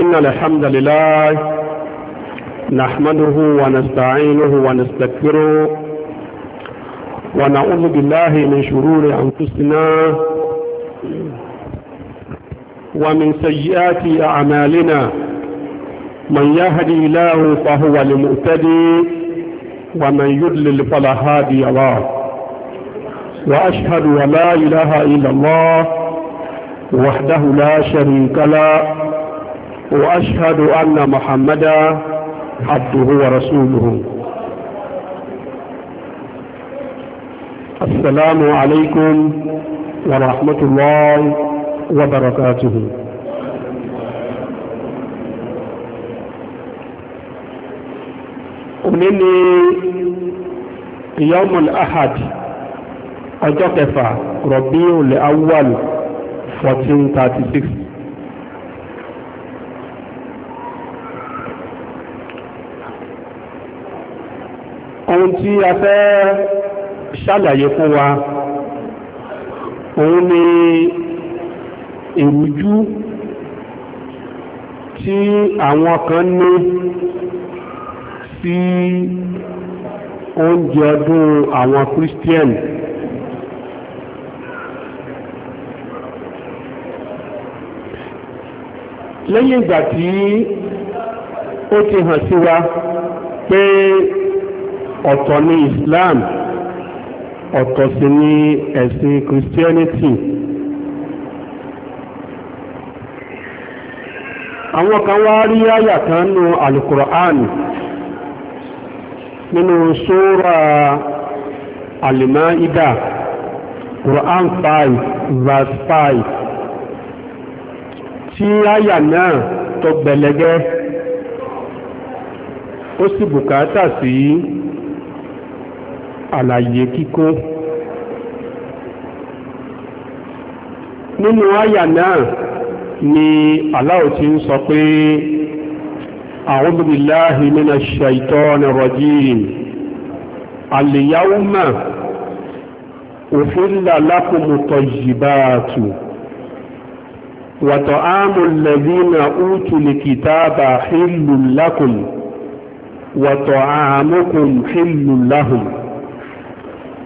إن الحمد لله نحمده ونستعينه ونستكبره ونعوذ بالله من شرور أنفسنا ومن سيئات أعمالنا من يهدي الله فهو المؤتدي ومن يضلل فلا هادي الله وأشهد أن لا إله إلا الله وحده لا شريك له وأشهد أن محمدا عبده ورسوله السلام عليكم ورحمة الله وبركاته òníní يوم ahad ọjọ́ kẹfà rọ̀bí olè 1436 ohun tí a fẹ́ ṣàlàyé fún wa òun ni ìrújú tí àwọn kan ní sí oúnjẹ ọdún àwọn Christian lẹ́yìn ìgbà tí ó ti hàn sí wa pé ọ̀tọ̀ ni Islam ọ̀tọ̀ sì ni ẹ̀sìn Christianity àwọn kan wá rí àyà kan nù alukur'an nínú sóra alima'ida Quran 5 verse 5 tí àyà náà tó gbẹlẹgẹ́ ó sì bùkátà sí si, àlàyé kíkún nínú àyà náà ni Allah ti ń sọ pé a'udhu billahi minash shaitani rajim al-yawma uhilla lakumut tayyibatu wa ta'amul ladhina utul kitaba hillun lakum wa ta'amukum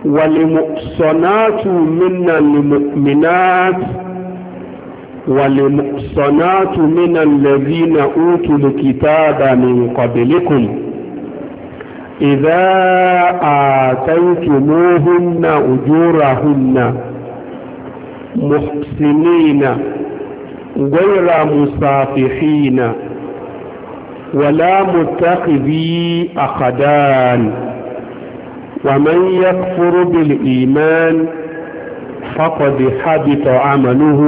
ولمؤصنات من المؤمنات ولمؤصنات من الذين أوتوا الكتاب من قبلكم إذا آتيتموهن أجورهن محسنين غير مسافحين ولا متخذي أخدان ومن يكفر بالإيمان فقد حبط عمله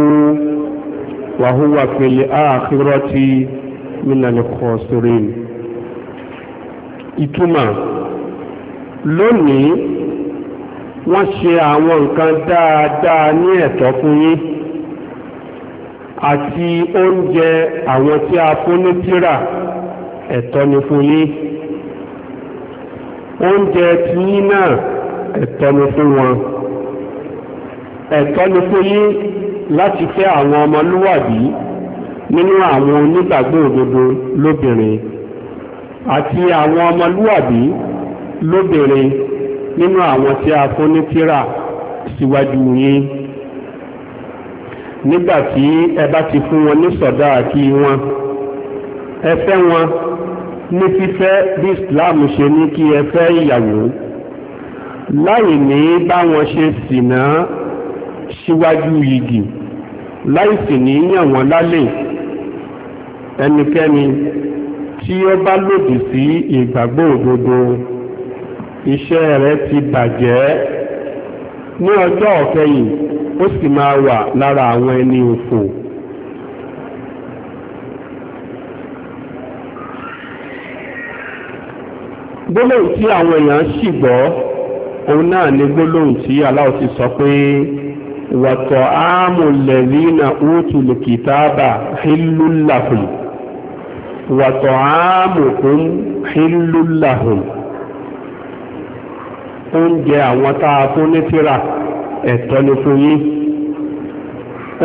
وهو في الآخرة من الخاسرين ìtumọ̀ lónìí wọ́n ṣe àwọn nǹkan dáadáa ní ẹ̀tọ́ fún yín àti oúnjẹ àwọn tí a fún ní tírà ẹ̀tọ́ ni fún yín oúnjẹ tí yín náà ẹ̀tọ́ ni fún wọn ẹ̀tọ́ ni fún yín láti fẹ́ àwọn ọmọlúwàbí nínú àwọn onígbàgbọ́ òdodo lóbìnrin àti àwọn ọmọlúwàbí lóbìnrin nínú àwọn tí a fún ní tírà síwájú yín nígbàtí ẹ bá ti fún wọn ní sọ̀dáàkí wọn ẹ fẹ́ wọn ní fífẹ́ bí Islam ṣe ní kí ẹ fẹ́ ìyàwó láì ní bá wọn ṣe sìnà síwájú yìgì láì sì ní yàn wọ́n lálẹ́ ẹnikẹ́ni tí ó bá lòdì sí ìgbàgbọ́ òdodo iṣẹ́ rẹ̀ ti bàjẹ́ ní ọjọ́ ọ̀kẹyìn ó sì máa wà lára àwọn ẹni òfò gbólóhùn tí àwọn èèyàn sì gbọ́ òun náà ni gbólóhùn tí Allah ti sọ pé wàtọ̀ ámùlẹ̀rínà útùlù kìtàbà hìlúlàhùn wàtọ̀ ámùkún hìlúlàhùn oúnjẹ àwọn táa fún ní tírà ẹ̀tọ́ ni fún yín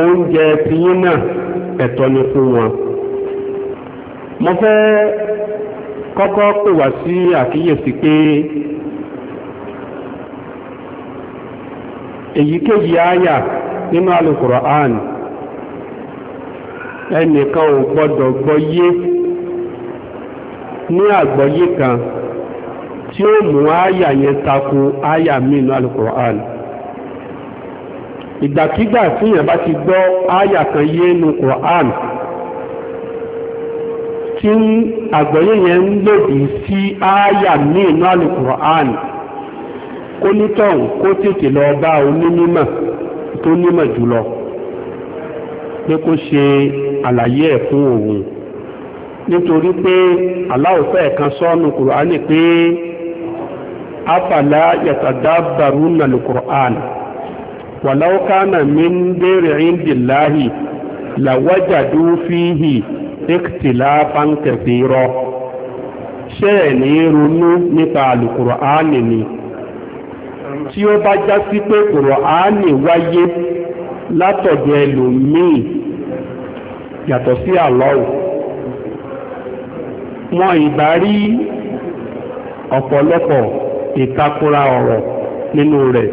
oúnjẹ tiyín náà ẹ̀tọ́ ni fún wọn mo fẹ́ kọ́kọ́ pè wà sí àkíyèsí pé èyíkéyìí àyà nínú Al-Qur'an ẹnìkan ò gbọ́dọ̀ gbọ́yé ní àgbọ́yé kan tí ó mú àyà yẹn tako àyà mínú Al-Qur'an ìgbàkígbà fíyàn bá ti gbọ́ àyà kan yé nínú Qur'an tí àgbọ́yé yẹn ń lòdì sí ááyà ní inú alukur'an kó nítọ̀hún kó tètè lọ bá onímọ̀ tó nímọ̀ jùlọ pé kó ṣe àlàyé ẹ̀ fún òun nítorí pé aláòfẹ́ kan sọ́nu kùránì pé afàlá na nà lùkùránì wàláwọ́kánà mi ń ìndìláhì fíhì ikhtilafan kathira ṣé ẹ̀ ní ronú nípa àlùkùránì ni tí ó bá já sí pé kùránì wáyé látọ̀dọ̀ ẹlòmíì yàtọ̀ sí àlọ́wù wọn ìbá rí ọ̀pọ̀lọpọ̀ ìtakura ọ̀rọ̀ nínú rẹ̀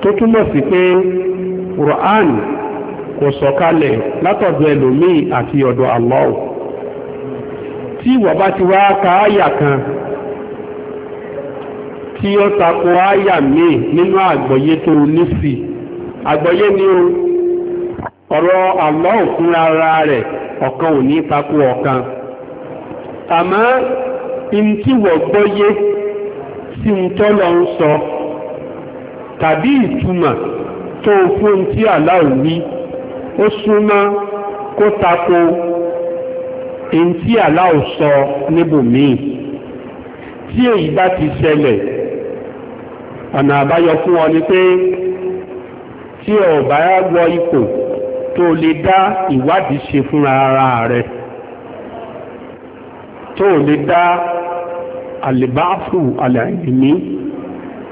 tó túmọ̀ sí pé kùránì kò sọ̀kalẹ̀ látọ̀dọ̀ ẹlòmíì àti ọ̀dọ̀ Allah tí ìwọ bá ti wá ka áyà kan tí ó tako áyà míì nínú àgbọ́yé tó ní sí ni o ọ̀rọ̀ Allah fúnra ara rẹ̀ ọ̀kan ò ní tako ọ̀kan gbọ́yé sí ń tọ́lọ ń sọ tàbí tó fún ó súnmọ́ kó tako èyí tí aláò sọ níbòmíì tí èyí bá ti ṣẹlẹ̀ ọ̀nà àbáyọ fún ọ ni pé tí o bá wọ ipò tó lè dá ìwádìí ṣe fúnra ara rẹ tó lè dá àlèbáfù àlàyé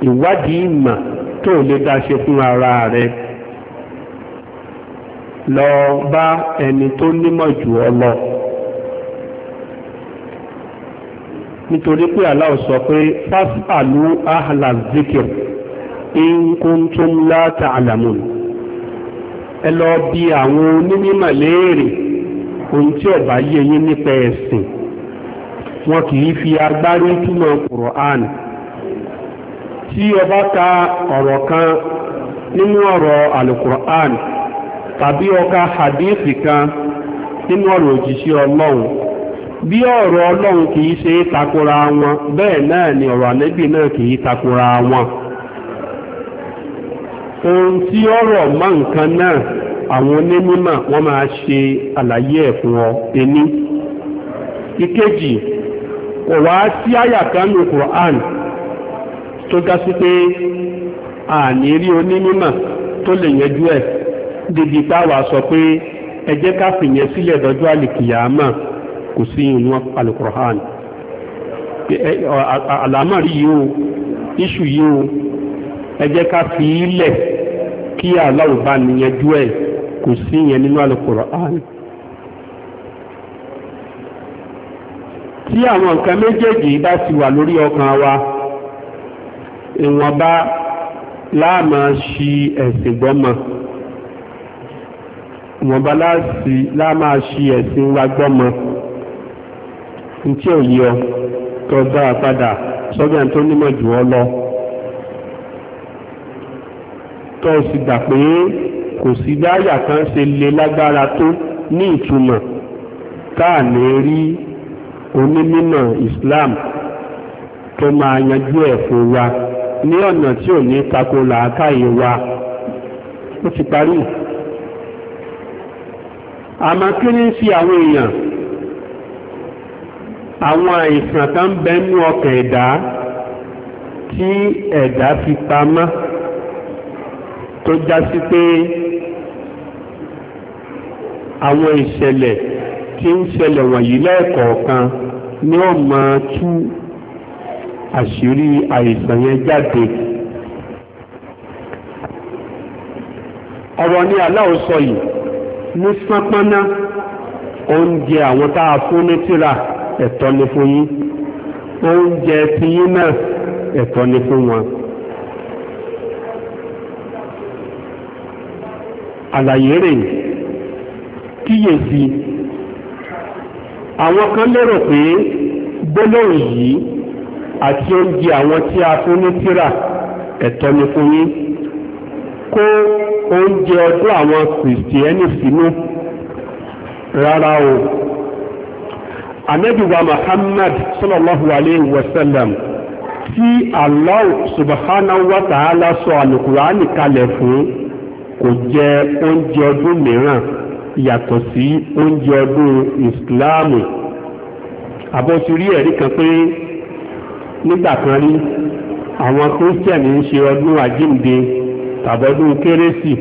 ìwádìí ìmọ̀ tó lè dá ṣe fúnra ara rẹ. lọ bá ẹni tó nímọ̀ jù ọ lọ nítorí pé Allah sọ pé fásitàlú ahla zikir in kuntum la ta'lamun ẹ lọ bi àwọn onímọ̀ léèrè ohun tí ọ bá yé yín nípa ẹ̀sìn wọn kì fi agbárí túmọ̀ Qur'an tí ọ bá ka ọ̀rọ̀ kan nínú ọ̀rọ̀ alukur'an tàbí ọka hadithi kan nínú ọ̀rọ̀ òjìṣẹ́ ọlọ́run bí ọ̀rọ̀ ọlọ́run kìí ṣe takora wọn bẹ́ẹ̀ náà ni ọ̀rọ̀ ànábì náà kìí takora wọn ohun tí ọ̀rọ̀ mọ́ nǹkan náà àwọn onímọ̀ wọ́n máa ṣe àlàyé ẹ̀ fún ọ ení ìkejì kò wá sí Qur'an tó sí pé àní débi táwa sọ pé ẹ jẹ́ ká fìyẹn sílẹ̀ dọ́jọ́ àlìkìyàmà kò sí inú alukur'an àlámàrí yìí o iṣu yìí o ẹ jẹ́ ká fi í lẹ̀ kí aláwọ̀ bá nìyẹn jú ẹ̀ kò sí ìyẹn nínú alukur'an. tí àwọn nǹkan méjèèjì bá ti wà lórí ọkàn wa ìwọ̀nba láàmà ṣi ẹ̀sìn gbọ́mọ ìwọ̀nba láti lámáa ṣe ẹ̀sìn wa gbọ́mọ ntí ò yí ọ tó dára padà sọ́gbà tó nímọ̀ jù ọ lọ tó o sì gbà pé kò sí dáyà kan ṣe lè lágbára tó ní ìtumọ̀ táà rí onímọ̀ Islam tó máa yanjú ẹ̀ fún wa ní ọ̀nà tí ò ní tako làákàyè wa ó ti parí àmọ́ kí ní sí àwọn èèyàn àwọn àìsàn tó ń bẹnú ọkàn ẹ̀dá tí ẹ̀dá fi pamọ́ tó já sí pé àwọn ìṣẹ̀lẹ̀ tí ń ṣẹlẹ̀ wọ̀nyí lẹ́ẹ̀kọ̀ọ̀kan ni ó máa tú àṣírí àìsàn yẹn jáde ọ̀rọ̀ ni aláwọ̀ sọ yìí ní sánpáná oúnjẹ àwọn tá a fún ní tírà ẹ̀tọ́ ni fún yín oúnjẹ ti yín náà ẹ̀tọ́ ni fún wọn. àlàyé rẹ̀ kíyèsí àwọn kan lérò pé gbólóhùn yìí àti oúnjẹ àwọn tí a fún ní tírà ẹ̀tọ́ ni fún yín kó oúnjẹ ọdún àwọn kìrìsìtẹ́nì sínú rárá o Ànábì Muhammad sallallahu alayhi wa sallam tí Allah subhanahu wa ta'ala sọ àlùkùránì kalẹ̀ fún kò jẹ oúnjẹ ọdún mìíràn yàtọ̀ sí oúnjẹ ọdún ìsìláàmù àbọ̀tí rí ẹ̀rí kan pé nígbà rí àwọn kírísítẹ̀nì ń ṣe ọdún àjíǹde tàbọ́dún kérésì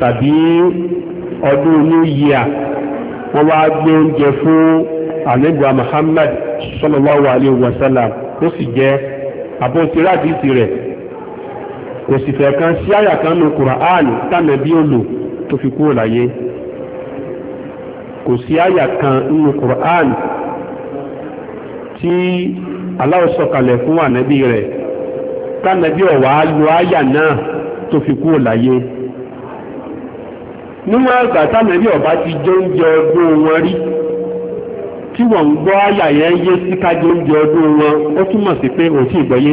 tàbí ọdún new year wọ́n wá gbé oúnjẹ fún àlẹ́gbà Muhammad sallallahu alaihi wasallam ó sì jẹ́ àbótiráàdìsì rẹ̀ kò sì fẹ́ kan sí àyà kan nù Kùránì tànà bí ó lò tó fi kúrò láyé kò sí àyà kan nù Kùránì tí Allah fún ànábì rẹ̀ tànà bí ọ̀wá lo àyà náà tó fi kúrò láyé níwọ̀n àgbà tánàbí ọba ti jẹ oúnjẹ ọdún wọn rí tí wọ́n ń gbọ́ àyà yé sí kájẹ oúnjẹ ọdún wọn ó túmọ̀ sí pé òtí ìgbọ́yé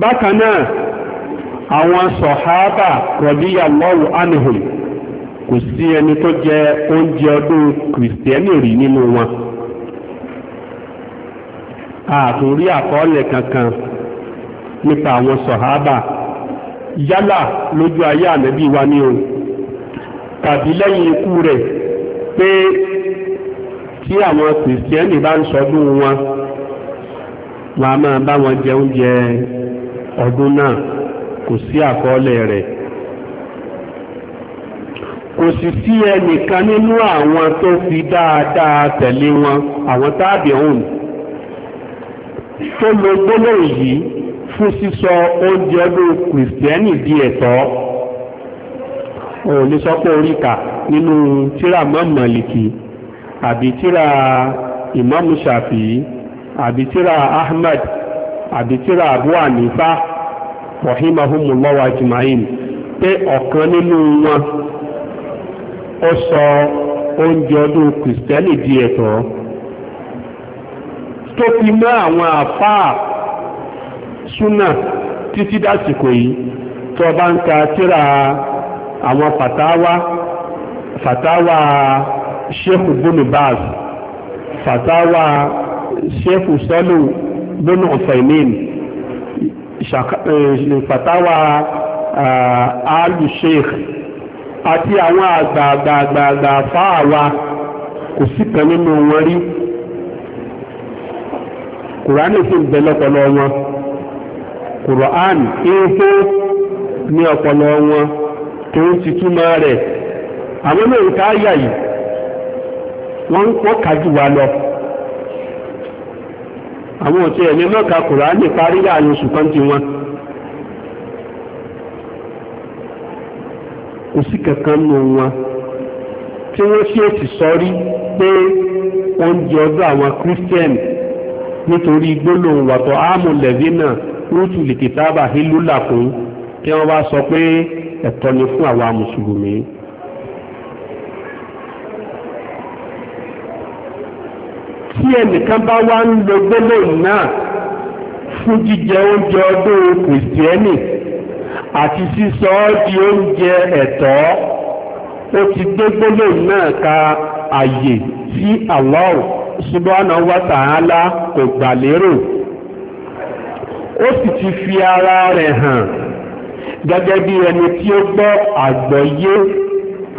bákan náà àwọn sọ̀háábà radiyallahu anhum kò sí ẹni tó jẹ oúnjẹ ọdún kìrìsìtẹ́nì rí nínú wọn nípa àwọn sọ̀háábà yálà lójú ayé ànábì wa ni o tàbí lẹ́yìn ikú rẹ̀ pé tí àwọn kìrìsìtẹ́nì bá ń sọdún wọn wọn a máa bá wọn jẹ oúnjẹ ọdún náà kò sí àkọọ́lẹ̀ rẹ̀ kò sì sí ẹnìkan nínú àwọn tó fi dáadáa tẹ̀lé wọn àwọn táàbì ọ̀hún tó lo gbólóhùn yìí fún sísọ oúnjẹ ọdún kìrìsìtẹ́nì di ẹ̀tọ́ ò lè sọ pé orí kà nínú tíra mọ́mọ̀lìkì àbí tíra ìmáàmù Ṣàfi'í àbí tíra Ahmad àbí tíra Abu Hanifa rahimahumullahu ajma'in pé ọ̀kan nínú wọn ó sọ oúnjẹ ọdún kìrìsìtẹ́nì di ẹ̀tọ́ tó fi mọ́ àwọn àfáà súnà títí dásìkò yìí tó bá ń ka tíra àwọn fatawa fàtáwá sheikh bunu baz fàtáwá sheikh sọ́lù bunu ọ̀fẹ̀mín fàtáwá alu sheikh àti àwọn àgbààgbààgbà fáàwá kò sí kan nínú wọn rí kùránì sì ń bẹ lọ́pọlọ wọn. Quran èèpo ní ọpọlọ wọn tó ń ti túmọ̀ rẹ̀ àwọn náà ká àyà yìí wọ́n ń pọ́ kájú lọ àwọn òtí ẹ̀mí mọ́ka Quran parí láàrin oṣù kan ti wọn kò sí kankan nù wọn tí wọ́n sí èsì sọ́rí pé wọ́n jẹ ọdún àwọn nítorí gbólóhùn rútù lìkìtàbà hílù làkún kí wọ́n wá sọ pé ẹ̀tọ́ ni fún àwa mùsùlùmí tí ẹnìkan bá wá ń lo gbólóhùn náà fún jíjẹ oúnjẹ ọdún kìrìsìtẹ́nì àti sísọ ọ́ di oúnjẹ ẹ̀tọ́ ó ti gbé gbólóhùn náà ka àyè sí Allah subhanahu wa ta'ala kò gbà lérò ó sì ti fi ara rẹ̀ hàn gẹ́gẹ́ bí ẹni tí ó gbọ́ àgbọ́yé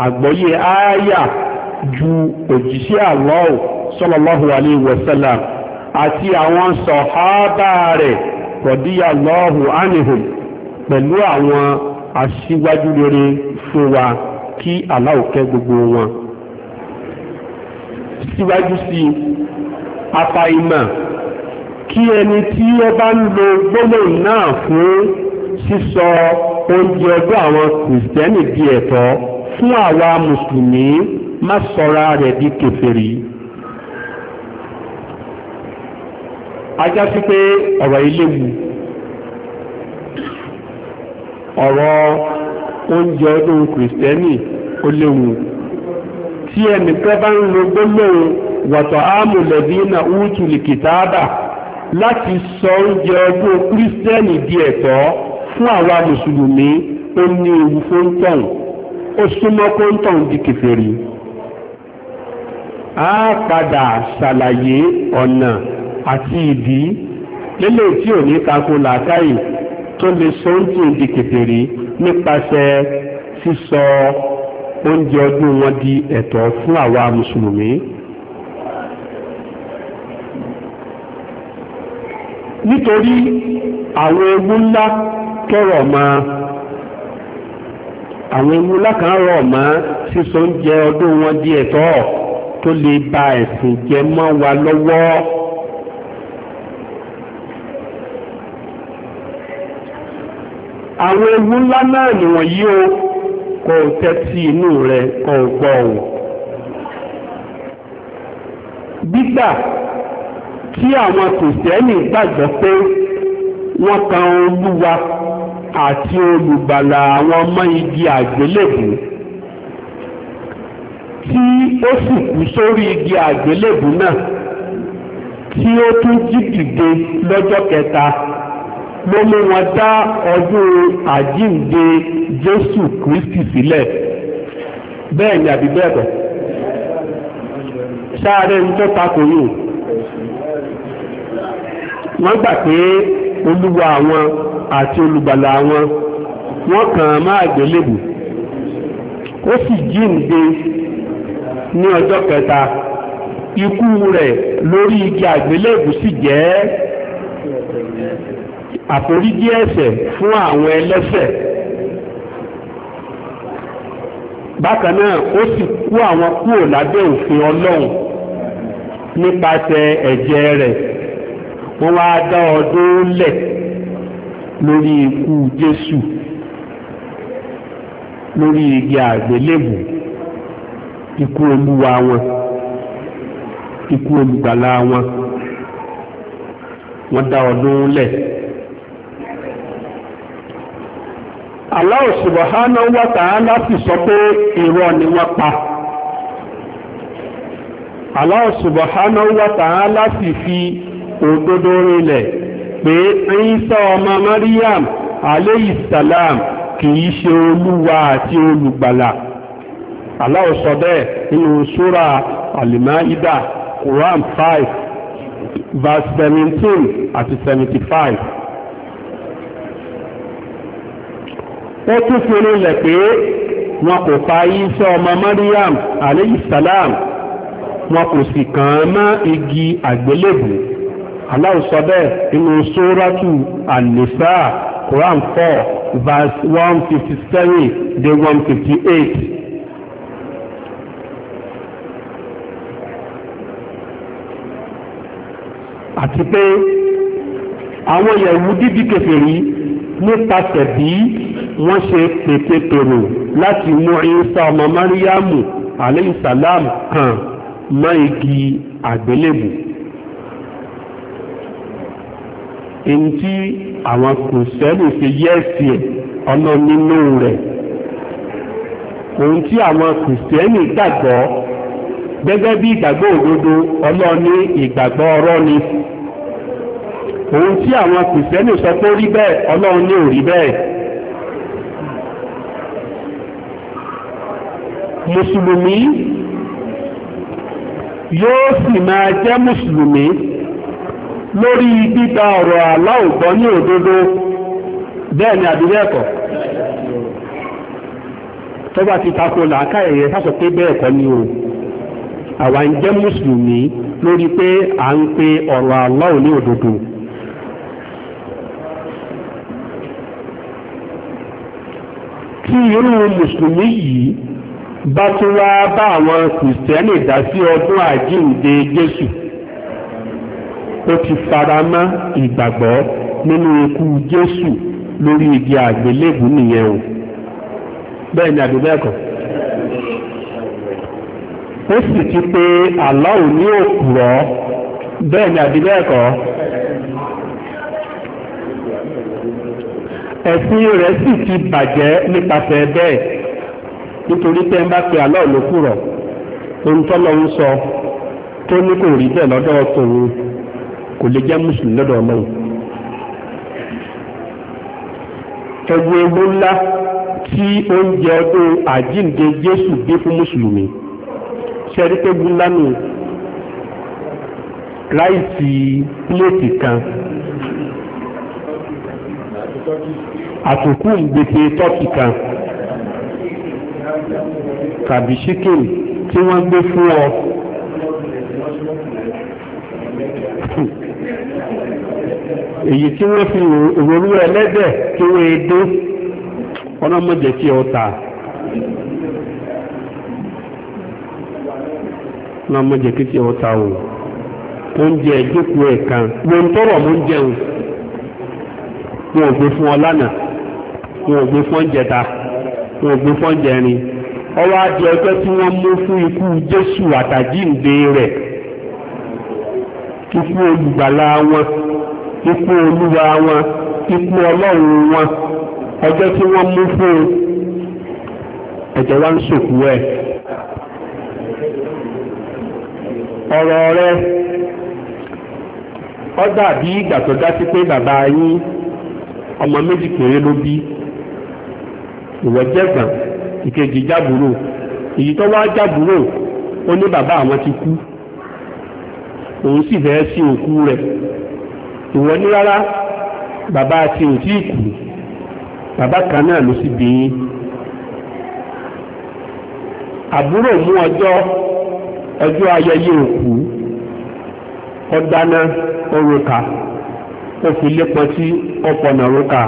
àgbọ́yé ááyà ju òjíṣẹ́ Allah sallallahu alayhi wa sallam àti àwọn sọ̀hábà rẹ̀ radiyallahu anhum pẹ̀lú àwọn aṣíwájú rere fún wa kí Allah gbogbo wọn síwájú sí apá ìmọ̀ kí ẹni tí ó bá ń lo gbólóhùn náà fún sísọ oúnjẹ ọdún àwọn kìrìsìtẹ́nì di ẹ̀tọ́ fún àwa mùsùlùmí má sọra rẹ̀ di kèfèrí ajá sí pé ọ̀rọ̀ iléwu ọ̀rọ̀ oúnjẹ ọdún kìrìsìtẹ́nì ó léwu tí ẹnìkan bá ń lo gbólóhùn wàtọ̀ áàmù lẹ́bí náà útùlì kìtàbà láti sọ oúnjẹ ọdún kírísítẹ́nì di ẹ̀tọ́ fún àwa mùsùlùmí ó ní ewu fóńtọ̀n ó súnmọ́ fóńtọ̀n di kèfèrí a padà ṣàlàyé ọ̀nà àti ìdí lélẹ̀ tí ò ní tako làákàyè tó lè sọ oúnjẹ di kèfèrí nípasẹ̀ sísọ oúnjẹ ọdún wọn di ẹ̀tọ́ fún àwa mùsùlùmí nítorí àwọn ewu ńlá tọrọ mọ́ àwọn ewu ńlá kan rọ̀ mọ́ sísọ wọn di eto tó lè ba esi jẹ mọ wa lọwọ àwọn ewu ńlá náà nìwọ̀nyí o kò tẹ́tí inú rẹ̀ kò gbọ́ ọ̀hún gbígbà tí àwọn kìrìsìtẹ́nì gbàgbọ́ pé wọ́n kan olúwa àti olùgbàlà àwọn ọmọ igi àgbélébù tí ó sì kú sórí igi àgbélébù náà tí ó tún jí dìde lọ́jọ́ kẹta ló mú wọn dá ọdún àjíǹde Jésù Kristi sílẹ̀ bẹ́ẹ̀ ni àbí bẹ́ẹ̀ bọ̀ sáré ń tó takò yìí wọ́n gbà pé olúwa àwọn àti olùgbàlà àwọn wọ́n kàn máa gbélébù ó sì jíǹde ní ọjọ́ kẹta ikú rẹ̀ lórí igi àgbélébù sì jẹ́ àforíjì ẹ̀ṣẹ̀ fún àwọn ẹlẹ́ṣẹ̀ bákan náà ó sì kú àwọn kúrò lábẹ́ òfin ọlọ́run nípasẹ̀ ẹ̀jẹ̀ rẹ̀ wọ́n wá dá ọdún lẹ̀ lórí ikú Jésù lórí igi àgbélébù ikú olúwa wọn ikú olùgbàlà wọn wọ́n dá ọdún lẹ̀ Allah subhanahu wa ta'ala sọ pé irọ́ ni wọ́n pa Allah subhanahu wa fi òdodo rinlẹ̀ pé Ìsá ọmọ Maryam aleyhisalam kìí ṣe olúwa àti olùgbàlà Allah sọ bẹ́ẹ̀ nínú súra Al-Maida Quran 5 verse 17 àti 75 ó tún fi rinlẹ̀ pé wọn kò pa Ìsá ọmọ Maryam aleyhisalam wọn kò sì kàn án mọ́ igi àgbélébùú Allah sọ bẹ́ẹ̀ inú sóràtù àlèsà Quran 4 verse 157 dé 158. àti pé àwọn yẹ̀wù dídí kèfèrí nípasẹ̀ bí wọ́n ṣe pèpè pèrò láti mú Ìsá ọmọ Mariamu aleyhisalam hàn mọ́ igi àgbélébùú èyí tí àwọn kòsẹ́lì fi yẹ́ẹ̀sì ẹ̀ ọ̀nà nínú rẹ̀ ohun tí àwọn kìrìsìtẹ́nì gbàgbọ́ gẹ́gẹ́ bí ìgbàgbọ́ òdodo ọlọ́ọ̀ni ìgbàgbọ́ ọ̀rọ̀ ni ohun tí àwọn kìrìsìtẹ́nì sọ pé ó rí bẹ́ẹ̀ ọlọ́ọ̀ni ò rí bẹ́ẹ̀ mùsùlùmí yóò sì máa jẹ́ mùsùlùmí lórí títa ọ̀rọ̀ aláògbọ́ ní òdodo bẹ́ẹ̀ ni àbí tó bá ti làákà ẹ̀yẹ sásọ pé bẹ́ẹ̀ ni o àwa ń jẹ́ mùsùlùmí lórí pé a ń pe ọ̀rọ̀ aláò ní òdodo tí irú mùsùlùmí yìí bá tún wá bá àwọn kìrìsìtẹ́nì dá sí ọdún àjíǹde ó ti fara mọ́ ìgbàgbọ́ nínú ikú Jésù lórí igi àgbélébù nìyẹn o bẹ́ẹ̀ ni àbí bẹ́ẹ̀ kọ́ ó sì ti pé Allah ní òpùrọ́ bẹ́ẹ̀ ni àbí bẹ́ẹ̀ kọ́ ẹ̀sìn rẹ̀ sì ti bàjẹ́ nípasẹ̀ bẹ́ẹ̀ nítorí pé ń bá pe Allah lókùrọ̀ ohun tọ́lọ́ ń sọ tó ní kò rí bẹ́ẹ̀ lọ́dọ̀ tòun kò lè jẹ́ mùsùlùmí lọ́dọ̀ ọlọ́run ẹwu ewu ńlá tí oúnjẹ ọdún àjíǹde jésù gbé fún mùsùlùmí ṣẹ́rí pé ewu ńlá nù láìsí pílẹ̀tì kan àtòkù gbèsè tọ́kì kan tàbí ṣíkìn tí wọ́n gbé fún ọ èyí tí wọ́n fi òróró ẹlẹ́dẹ̀ tí wọ́n dé ọlọ́mọdé tí ó ta ọlọ́mọdé tí ó ta o oúnjẹ ìjókòó ẹ̀ kan wọn mú jẹun wọn gbé fún ọ lánàá gbé fún oúnjẹ ta gbé fún oúnjẹ ọwọ́ adé ọjọ́ tí wọ́n mú fún ikú Jésù àtàjíǹde rẹ̀ kíkú ikú olúwa wọn ikú ọlọ́run wọn ọjọ́ tí wọ́n mú fún ẹ̀jẹ̀ wá ń sòkú ẹ̀ ọ̀rọ̀ rẹ ó dàbí ìgbà tó dá sí pé bàbá yín ọmọ méjì péré ló bí ìwọ jẹ̀gbọ́n ìkejì jábúrò èyí tó wá jábúrò ó ti kú òun sì fẹ́ ìwọ ní rárá bàbá àti òtí ìkù bàbá kan náà ló sì bí yín àbúrò mú ọjọ́ ọjọ́ ayẹyẹ òkú ọdáná orúkà ó fi lépọn tí ọpọnà orúkà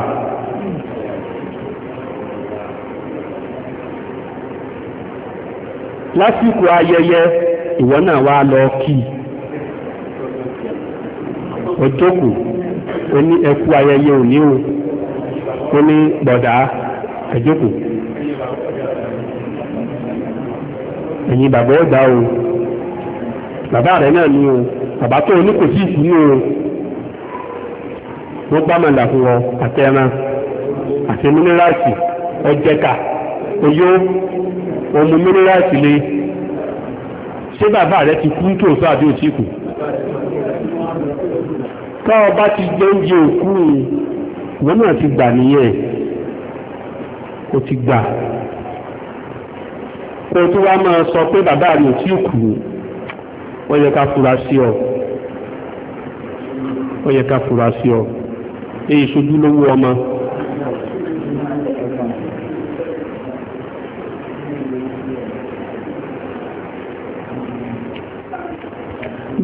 lásìkò ayẹyẹ ìwọ náà wà lọ kí òjókù ó ní ẹkú ayẹyẹ òní o ó ní gbọ̀dá ẹjókù bàbá ọ̀dà o bàbá rẹ̀ náà ni o bàbá tó ní kò sí ìsúnú o wọ́n gbá màlà fún ọ àti ẹran àti mínírààsì ọjẹ́ka oyó ọmọ mínírààsì le ṣé bàbá rẹ̀ ti kú tòótọ́ àbí òtíkù táwọn bá ti jẹ oúnjẹ òkú ìwé náà ti gbà nìyẹn ó ti gbà kó tó wá máa sọ pé bàbá rẹ̀ ò tí kú wọ́n yẹ ká fura sí ọ wọ́n yẹ ká fura sí ọ èyí ṣojú lówó ọmọ.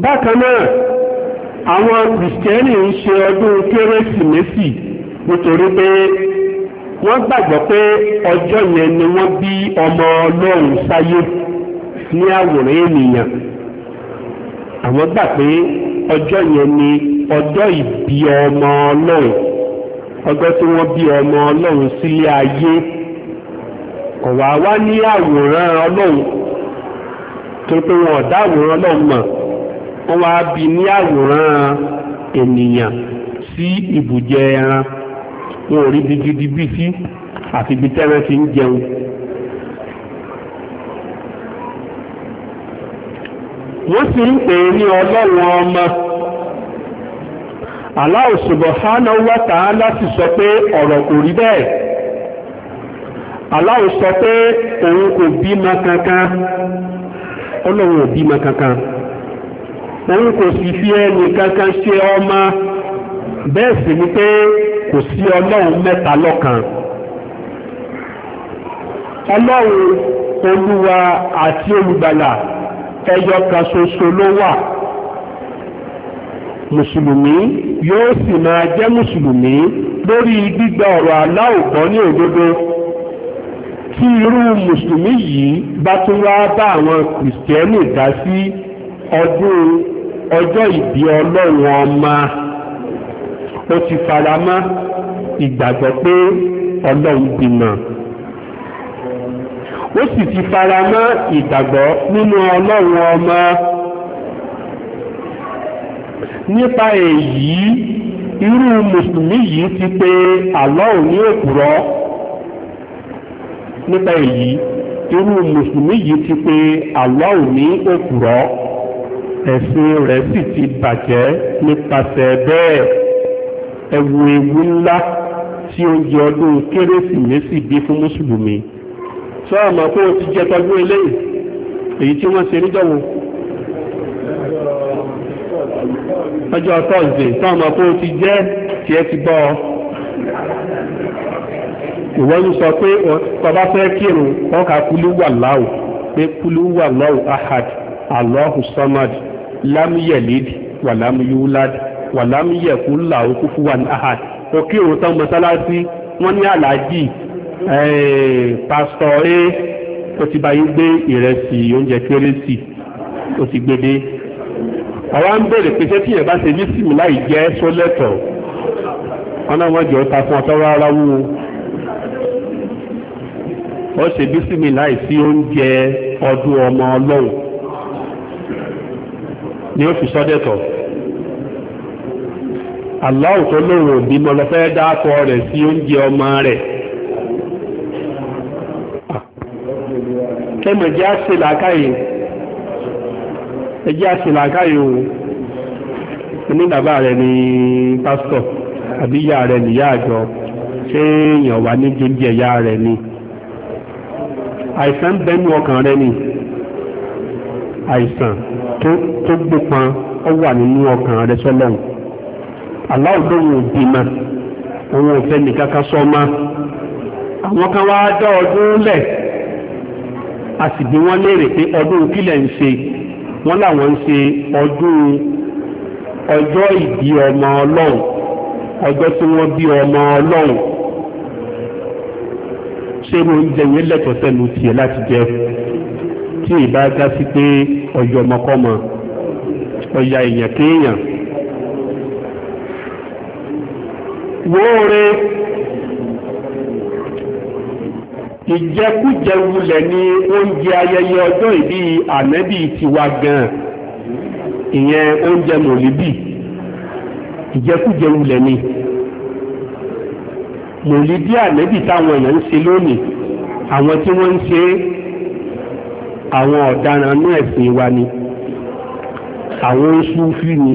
bákan náà àwọn kìrìsìtẹ́nì ń ṣe ọdún kérésìmesì nítorí pé wọ́n gbàgbọ́ pé ọjọ́ yẹn ni wọ́n bí ọmọ ọlọ́run sáyé ní àwòrán ènìyàn àwọn gbà pé ọjọ́ yẹn ni ọjọ́ ìbí ọmọ ọlọ́run ọjọ́ tí wọ́n bí ọmọ ọlọ́run sílé ayé kò wá wá ní àwòrán ọlọ́run torí pé wọn ọ̀dá àwòrán ọlọ́run wọ́n wá bí ní àwòrán ènìyàn sí ibùjẹ ẹran wọn ò rí digidi bí sí àti ibi tẹ́rẹ́ ti ń jẹun wọ́n sì ń pè ní ọlọ́run ọmọ Allah subhanahu wa ta'ala sì sọ pé ọ̀rọ̀ kò rí bẹ́ẹ̀ Allah sọ pé òun kò bímọ kankan ọlọ́run ò bímọ kankan òun kò sì fi ẹnì kankan ṣe ọmọ bẹ́ẹ̀ sì ni pé kò sí ọlọ́run mẹ́ta lọ́kan ọlọ́run olúwa àti olùgbàlà ẹyọ kan ṣoṣo ló wà mùsùlùmí yóò sì máa jẹ́ mùsùlùmí lórí gbígba ọ̀rọ̀ aláògbọ́ ní òdodo tí irú mùsùlùmí yìí bá tún wá bá àwọn kìrìsìtẹ́nì dá sí ọdún ọjọ́ ìbí ọlọ́run ọmọ ó ti faramọ́ ìgbàgbọ́ pé ọlọ́run bímọ ó sì ti faramọ́ ìgbàgbọ́ nínú ọlọ́run ọmọ nípa èyí irú mùsùlùmí yìí ti pé Allah ní òkúrọ́ nípa èyí irú mùsùlùmí yìí ti pé Allah ní òkúrọ́ ẹ̀sìn rẹ̀ sì ti bàjẹ́ nípasẹ̀ bẹ́ẹ̀ ẹ̀wù ewu ńlá tí oúnjẹ ọdún kérésìmesì bí fún mùsùlùmí sọ àmọ́ pé o ti jẹ tọdún eléyìí èyí tí wọ́n ṣe níjọ́wọ́ ọjọ́ tọ́sdẹ̀ sọ àmọ́ pé o ti jẹ́ tí ẹ ti bọ́ ọ ìwọ́n ń sọ pé ọba fẹ́ kírun ọkà kúlú wà láwù pé kúlú wà láwù ahad Allahu samad lam yalid wà lam yulad wà lam yakun lahu kufuwan ahad òkè òótọ́ mọ́sálásí wọ́n ní àlàájì eh, pásítọ̀ a ó ti báyìí gbé ìrẹsì oúnjẹ kérésì ó ti gbé dé àwa ń bèrè bá ṣe ní láì jẹ́ sólẹ́tọ̀ wọn náà wọ́n jọ ta fún ọtọ́ rárá wúwo ó ṣe bí sìmù láì sí oúnjẹ ọdún ọmọ ọlọ́run ni ó fi sọ́dẹ̀tọ̀ Allah tó lóun òbí mọ́ lọ fẹ́ dákọ rẹ̀ sí oúnjẹ ọmọ rẹ̀ ah. kẹ́mọ̀ jẹ́ àṣìlákáyè ẹjẹ́ àṣìlákáyè ohun ní bàbá rẹ̀ ni pásítọ̀ àbí ìyá rẹ̀ nìyá àjọ ṣé èèyàn wà ní jíjẹ ìyá rẹ̀ ni àìsàn bẹ́nu ọkàn rẹ̀ ni àìsàn tó gbópan ó wà nínú ọkàn rẹ sọ́lọ́hun aláwùjọ yóò bímọ òun ò fẹ́ àwọn kan wá dá ọdún lẹ̀ a sì bí wọ́n léèrè pé ọdún kílẹ̀ ń ṣe wọ́n làwọn ń ṣe ọdún ọjọ́ ọmọ ọlọ́run ọjọ́ tí wọ́n ọmọ ọlọ́run ṣé lẹ́tọ̀ọ́ sẹ́nu tiẹ̀ láti jẹ tí ìbá dá sí pé. ọ̀yọ̀ ọmọkọ́mọ ọ̀yà èèyàn kéèyàn wóore ìjẹkújẹ wulẹ̀ ni oúnjẹ ayẹyẹ ọjọ́ ìbí ànẹ́bí tiwa gan ìyẹn oúnjẹ mọ̀líbì ìjẹkújẹ wulẹ̀ ni mọ̀líbì ànẹ́bí táwọn èèyàn ń ṣe lónìí àwọn tí wọ́n ń ṣe é àwọn ọ̀daràn ní ẹ̀sìn wa ni àwọn oṣùfí ni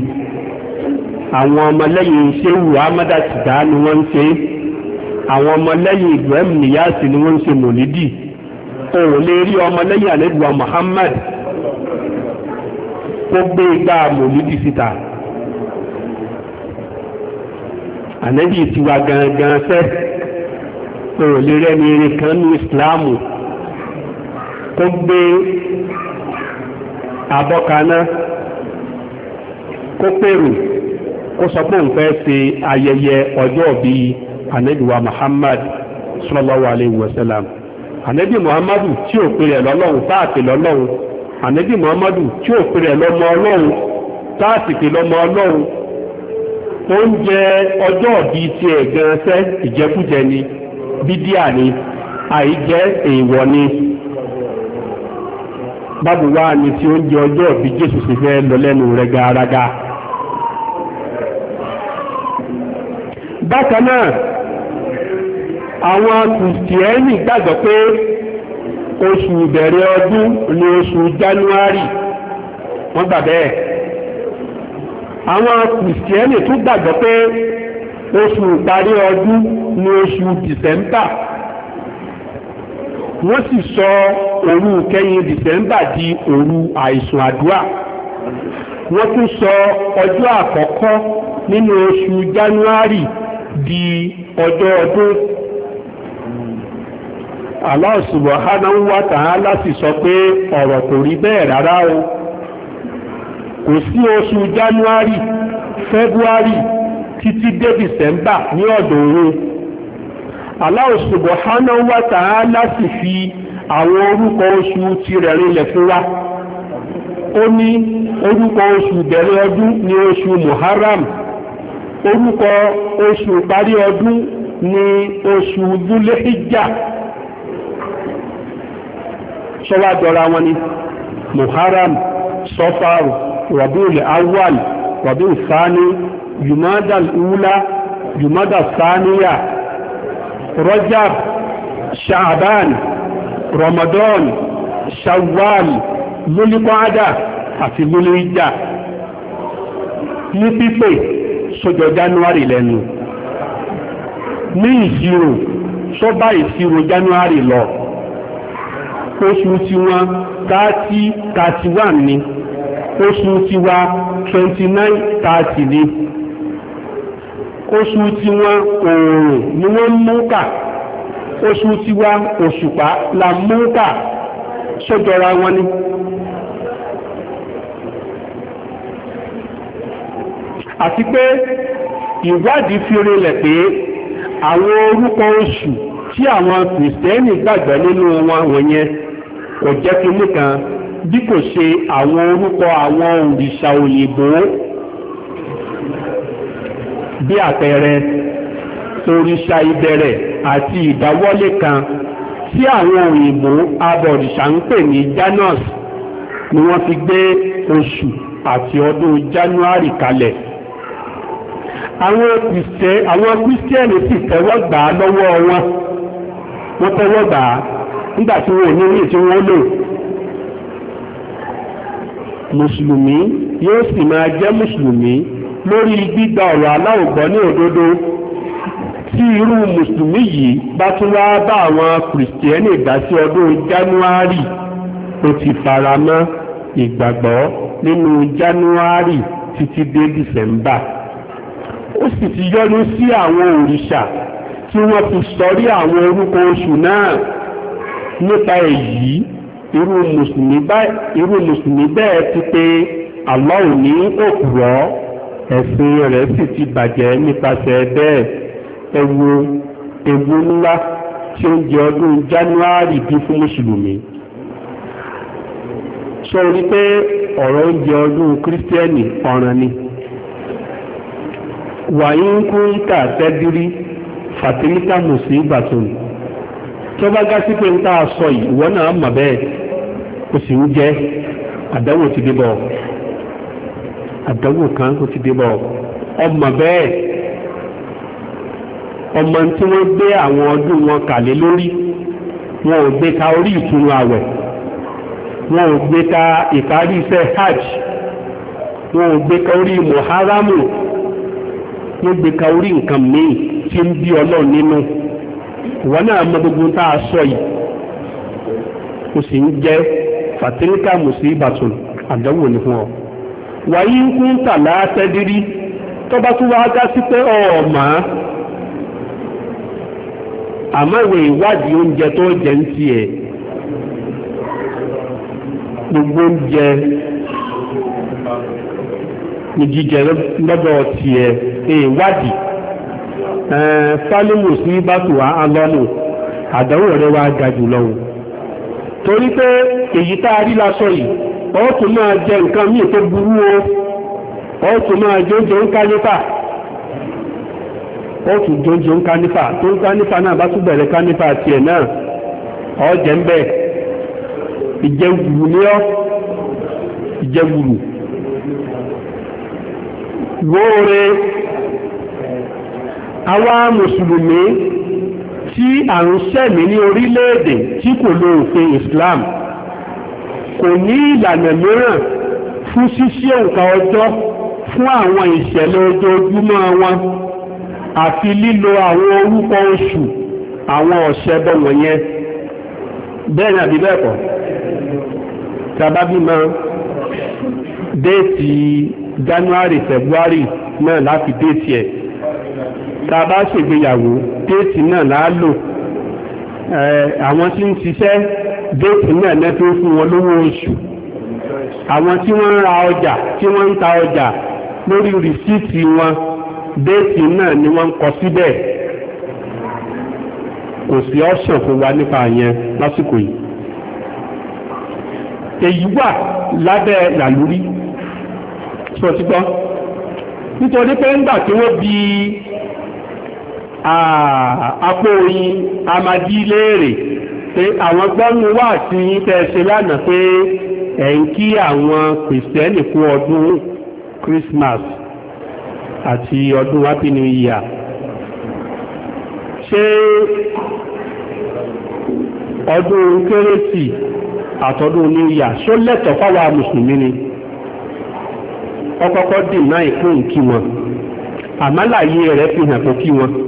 àwọn ọmọlẹ́yìn ṣéwù amada tìdá ni wọ́n ń ṣe àwọn ọmọlẹ́yìn ibrahim niyasi ni wọ́n ń ṣe mòlídì òun lè rí ọmọlẹ́yìn àlẹ́dùwà muhammad kó gbé igbá mòlídì síta ànẹ́bí tiwa gangan fẹ́ òun lè rẹ́ni erin ní ìsìláàmù kó gbé abọ́kaná kó pèrò kó sọ pé òun fẹ́ ṣe ayẹyẹ ọjọ́ bí muhammad sallallahu alayhi wa muhammadu tí ó pèrè lọ́lọ́run fáàpè lọ́lọ́run muhammadu tí ó pèrè lọ́mọ ọlọ́run lọ́mọ ọlọ́run ọjọ́ bí ti ni bídíà ni àìjẹ́ èèwọ̀ ni. báwo wá ni tí oúnjẹ ọjọ́ ìbí Jésù sì fẹ́ lọ lẹ́nu rẹ̀ gàràgà. bákan náà àwọn kìrìsìtẹ́nì gbàgbọ́ pé oṣù ìbẹ̀rẹ̀ ọdún ni oṣù January wọ́n gbà bẹ́ẹ̀ àwọn kìrìsìtẹ́nì tún gbàgbọ́ pé oṣù ìparí ọdún ni oṣù December wọ́n sì sọ òru kẹ́yìn dìsẹ́mbà di òru àìsùn àdúrà wọ́n tún sọ ọjọ́ àkọ́kọ́ nínú oṣù january di ọjọ́ ọdún Allah subhanahu wa ta'ala sì sọ pé ọ̀rọ̀ kò rí bẹ́ẹ̀ rárá o kò sí oṣù january february títí dé december ní ọ̀dọ̀ òun Allah subhanahu wa ta'ala sì fi àwọn orúkọ oṣù tirẹ̀ rinlẹ̀ fún wa ó ní orúkọ oṣù bẹ̀rẹ̀ ọdún ní oṣù Muharram orúkọ oṣù parí ọdún ní oṣù Dhul-Hijja wọn ni Muharram Safar Rabiul Awwal Rabiul Thani Jumada al-Ula Jumada rọ́jàb ṣàbán ramadan ṣawwal lóníkọ́ádà àti lóníjà ní pípé sójọ january lẹ́nu ní ìṣirò sọ́bà ìṣirò january lọ oṣù tiwọn 30 31 ni oṣù tiwa 29 30 ni oṣù tí wọn oòrùn ni wọ́n mú kà oṣù tí wá òṣùpá la mú kà sójọra wọn ni àti pé ìwádìí fi rinlẹ̀ pé àwọn orúkọ oṣù tí àwọn kìrìsìtẹ́nì gbàgbọ́ nínú wọn wọ̀nyẹn kò jẹ́ kí nìkan bí kò ṣe àwọn orúkọ àwọn òrìṣà òyìnbó bí àpẹẹrẹ òrìṣà ìbẹ̀rẹ̀ àti ìdáwọ́lé kan tí àwọn òyìnbó abọ̀rìṣà ń pè ní Janus ni wọ́n fi gbé oṣù àti ọdún January kalẹ̀ àwọn Kìrìsìtẹ́nì sì tẹ́wọ́ lọ́wọ́ wọn wọ́n tẹ́wọ́ wọ́n ní ní tí wọ́n lò lórí gbígba ọ̀rọ̀ aláwògbọ́ ní òdodo tí irú mùsùlùmí yìí bá tún wá bá àwọn kìrìsìtẹ́nì dá ọdún january ó ti fara mọ́ ìgbàgbọ́ nínú january títí dé december ó sì ti yọnu sí àwọn òrìṣà tí wọ́n ti sọrí àwọn orúkọ oṣù náà nípa èyí irú mùsùlùmí bẹ́ẹ̀ ti pé Allah ò ní ẹ̀sìn rẹ̀ sì ti bàjẹ́ nípasẹ̀ bẹ́ẹ̀ ewu ewu ńlá tí ó ń jẹ ọdún January bí fún mùsùlùmí sọ rí pé ọ̀rọ̀ oúnjẹ ọdún kírísítẹ́nì ọ̀ràn ni wàyí ń kú ń tà tẹ́dírí fàtílítà mùsùlùmí ìbàtún tó bá gá sí pé ń tà sọ ìwọ náà mà bẹ́ẹ̀ àdánwò kan ó ti débọ̀ ọmọ bẹ́ẹ̀ ọmọ tí wọ́n gbé àwọn ọdún wọn kàlé lórí wọn ò gbé ka orí àwẹ̀ wọn ò gbé ka ìparí iṣẹ́ hajj wọn ò gbé ka orí muharamu wọn gbé ka orí nǹkan míì tí ń bí ọlọ́run nínú wọn náà mọ gbogbo tá a sọ yìí o sì ń jẹ́ àdánwò wàyí ń kún tàlá tẹ́dírí tó bá tún wá gá sí pé ọ̀ọ̀mà àmọ́ ìwé ìwádìí oúnjẹ tó jẹ ń gbogbo oúnjẹ ní jíjẹ lọ́dọ̀ tiẹ̀ ìwádìí fálímù sí bátùwá alọ́nù àdánwò rẹ̀ wá ga jùlọ torí pé èyí tá a rí lásọ ó tún máa jẹ nǹkan míì tó burú o ọtụ máa jẹ oúnjẹ ń nípa ó jẹ oúnjẹ ń nípa tó ń nípa náà bá tún bẹ̀rẹ̀ ká nípa náà ní ọ́ wóore ní orílẹ̀ tí kò lo òfin Islam kò ní ìlànà mìíràn fún ṣíṣí òǹkà ọjọ́ fún àwọn ìṣẹ̀lẹ̀ ojoojúmọ́ wọn àti lílo àwọn orúkọ oṣù àwọn ọ̀ṣẹ́ bọ̀ wọ̀nyẹn bẹ́ẹ̀ ni àbí bẹ́ẹ̀ kọ́ tàbá bímọ déètì January February náà láti déètì ẹ̀ tàbá ṣègbéyàwó déètì náà láálò Eh, àwọn tí ń ṣiṣẹ́ déètì náà nẹ́tí ń fún wọn lówó oṣù àwọn tí wọ́n ń ra ọjà tí wọ́n ń ta ọjà lórí rìsíìtì wọn déètì náà ni wọ́n ń kọ síbẹ̀ kò sí ọ́ṣàn fún wa nípa yẹn lásìkò yìí èyí wà lábẹ́ làlúrí sọ ti gbọ́ nítorí pé ńgbà tí wọ́n bí àpò ah, oyin a máa dí léèrè pé àwọn gbọ́nù wà sí tẹ́ ṣe lánàá pé ẹ̀ ń kí àwọn kìrìsìtẹ́nì kú ọdún Christmas àti ọdún Happy New Year ṣé ọdún kérésì àtọdún New Year ṣó lẹ́tọ̀ fáwọn mùsùlùmí ni ọkọ̀kọ́ dì náà ìpín kí wọn àmàlàyé rẹ̀ fi hàn kó kí wọn.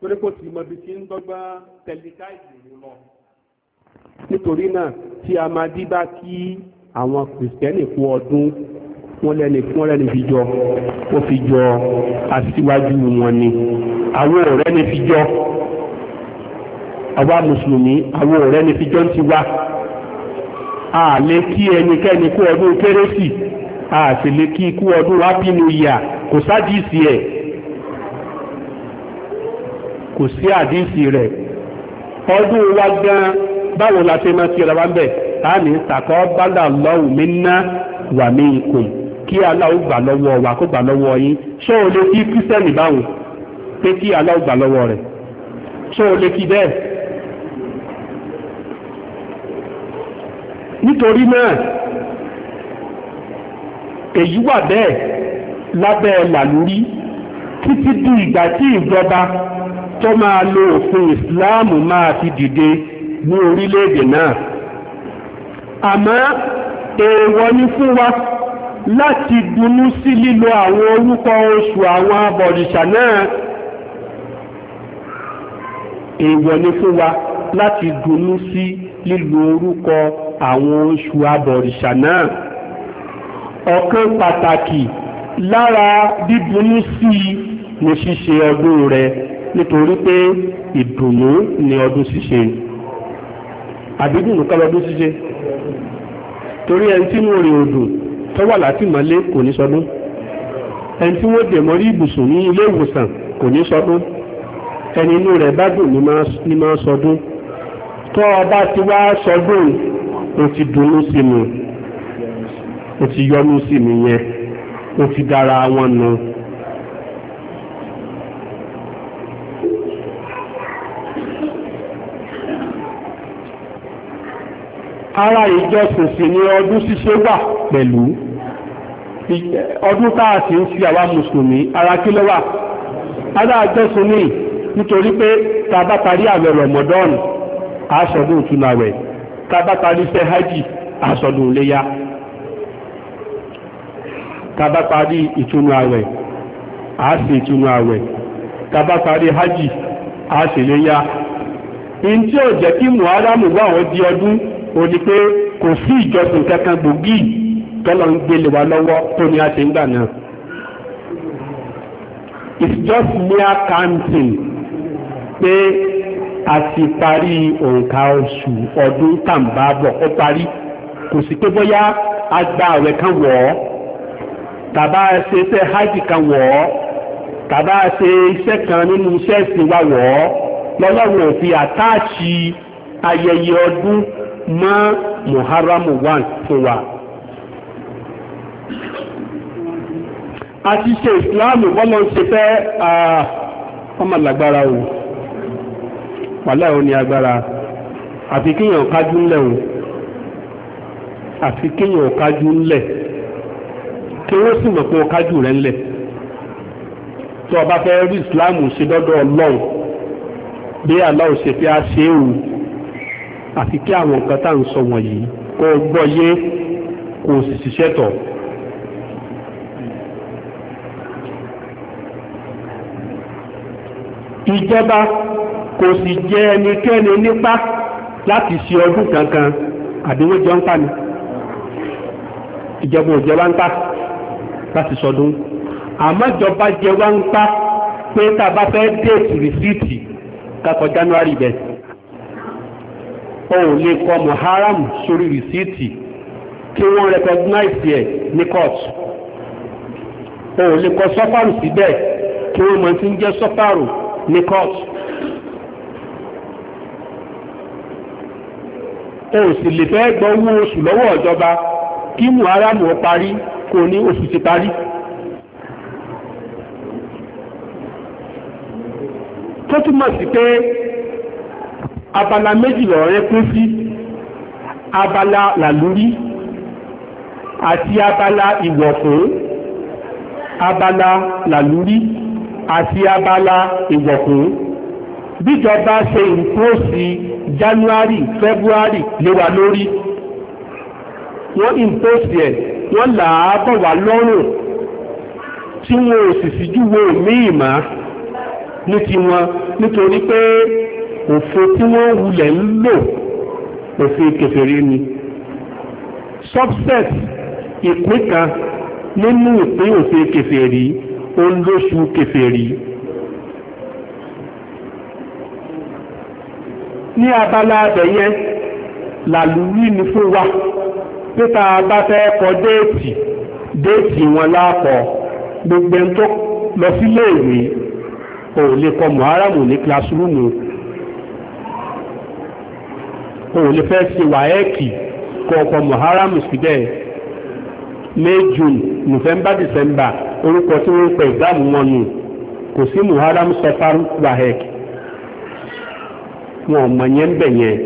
torí kò sì mọ ibi tí ń dọ́gba tẹlikáìsì ló lọ. nítorí náà tí a máa dí bá kí àwọn kìrìsìtẹ́nì kú ọdún wọ́n lẹ́ni wọ́n lẹ́ni fi jọ ó fi jọ aṣíwájú wọn ni àwọn ọ̀rẹ́ ni fi jọ àwa mùsùlùmí àwọn ọ̀rẹ́ ni fi jọ ń ti wá a lè kí ẹnikẹ́ni kú ọdún kérésì a sì lè kí ikú ọdún rábínú yà kò sáàdìsì ẹ̀ kò sí àdínsì rẹ̀ ọdún wa gan báwo la ṣe máa ti ọ̀rọ̀ wa ń bẹ̀ a ní bálà lọ́wọ́ mi ná wà mí ikùn kí aláwọ̀ gbà lọ́wọ́ wa kó gbà lọ́wọ́ yín ṣé o lè kí kírísítẹ́nì báwọn pé kí aláwọ̀ gbà tó máa lo òfin ìsìláàmù máa fi dìde ní orílẹ̀-èdè náà àmọ́ èèwọ̀ ni fún wa láti dunú sí lílo àwọn orúkọ oṣù àwọn abọ̀rìṣà náà èèwọ̀ ni fún wa láti dunú sí lílo orúkọ àwọn oṣù abọ̀rìṣà náà ọ̀kan pàtàkì lára dídunú sí ní ṣíṣe ọdún rẹ̀ nítorí pé ìdùnnú ni ọdún ṣíṣe àbídùnnú ká lọ́dún ṣíṣe torí ẹni tí wọ́n rí odò tó wà láti mọ́lé kò ní sọdún ẹni tí wọ́n dẹ̀ mọ́rí ibùsùn ní ilé ìwòsàn kò ní sọdún ẹni inú rẹ̀ bá dùn ní máa sọdún tó ọba ti wá sọdún ó ti dunnú sí mi ó ti yọnú sí mi yẹn ó ti dára wọn nù. No ara ìjọsìn sì ni ọdún ṣíṣe wà pẹ̀lú ọdún táà sì ń fi àwa mùsùlùmí ara kí ló wà ara ìjọsìn ní nítorí pé tá àwẹ̀ Ramadan aṣọ́dún ìtúnàwẹ̀ tá bá parí hajj aṣọ́dún iléyá tá bá parí ìtúnu àwẹ̀ àáṣe ìtúnu àwẹ̀ tá hajj àáṣe iléyá in tí ó jẹ́ kí muhammadu wà wọ́n di ọdún ó pé kò sí ìjọsìn kankan gbòógì tọ́lọ̀ ń gbélé wa lọ́wọ́ tó ní a ti ń gbà náà it's just mere counting pé a ti parí òǹkà oṣù ọdún tàǹbà bọ̀ ó parí kò sí pé bóyá a gba àwẹ̀ kan wọ̀ ọ́ tàbá ṣe iṣẹ́ hajj kan wọ̀ ọ́ tàbá ṣe iṣẹ́ kan nínú iṣẹ́ ìsìn wa wọ̀ ọ́ lọ́lọ́run ò fi àtáàṣì ayẹyẹ ọdún mọ́ Muharram one fún wa àti ṣe ìsìláàmù bọ́lọ́ ṣe fẹ́ ọmọ lágbára o wàlẹ́ ò ní agbára àfi kíyàn kájú ńlẹ̀ o àfi kíyàn kájú ńlẹ̀ kí wọ́n sì mọ̀ pé kájú rẹ̀ ńlẹ̀ tó o fẹ́ rí ìsìláàmù ṣe dọ́dọ̀ ọlọ́run bí aláwọ̀ ṣe fi á ṣe é o àti kí àwọn nǹkan tá à ń sọ wọ̀nyí kó gbọ́ yé kó sì ṣiṣẹ́ tọ̀. ìjọba kò sì jẹ ẹnikẹ́ni nípa láti ṣe ọdún kankan àdéhùn jọ ń pa ni ìjọba ò jẹ wá ń pa láti sọdún àmọ́ ìjọba jẹ wá ń pa pé tá a bá fẹ́ déètì rìsíìtì kakọ January bẹ́ẹ̀ o ò lè kọ muharam sórí rìsíìtì kí wọ́n recognize ẹ̀ ní court o ò lè kọ sọ́fàrù síbẹ̀ kí wọ́n mọ̀ tí ń jẹ́ sọ́fàrù ní court o ò sì lè fẹ́ gbọ́ owó oṣù lọ́wọ́ ìjọba kí muharam ó parí kò ní oṣù ti parí. tó túmọ̀ sí pé abala méjì lọ̀rọ̀ yẹn pín sí abala làlúrí àti abala ìwọ̀fún abala làlúrí àti abala ìwọ̀fún bíjọba ṣe ìpóòsì january february léwa lórí wọ́n ìpóòsì ẹ̀ wọ́n làábọ̀ wá lọ́rùn tí wọn ò sì síjú wo míì má ní tiwọn nítorí pé òfin tí wọ́n wulẹ̀ ń lò òfin kèfèrí ni subset ìpín kan nínú ìpín òfin kèfèrí òun lóṣù kèfèrí ní abala abẹ̀yẹ làlúrí ni fún wa pípa bá fẹ́ kọ déètì déètì wọn lápọ̀ gbogbo ẹni tó lọ sílé ìwé ò lè kọ mọ̀háràmù ní kílásírúmù o lè fẹ́ ṣe wáyẹ́ẹ̀kì kọ̀ọ̀kan muharram síbẹ̀ may june november december orúkọ tí wọ́n wọn nù kò sí muharram safar wáyẹ́ẹ̀kì wọn mọ̀ yẹn bẹ̀ yẹn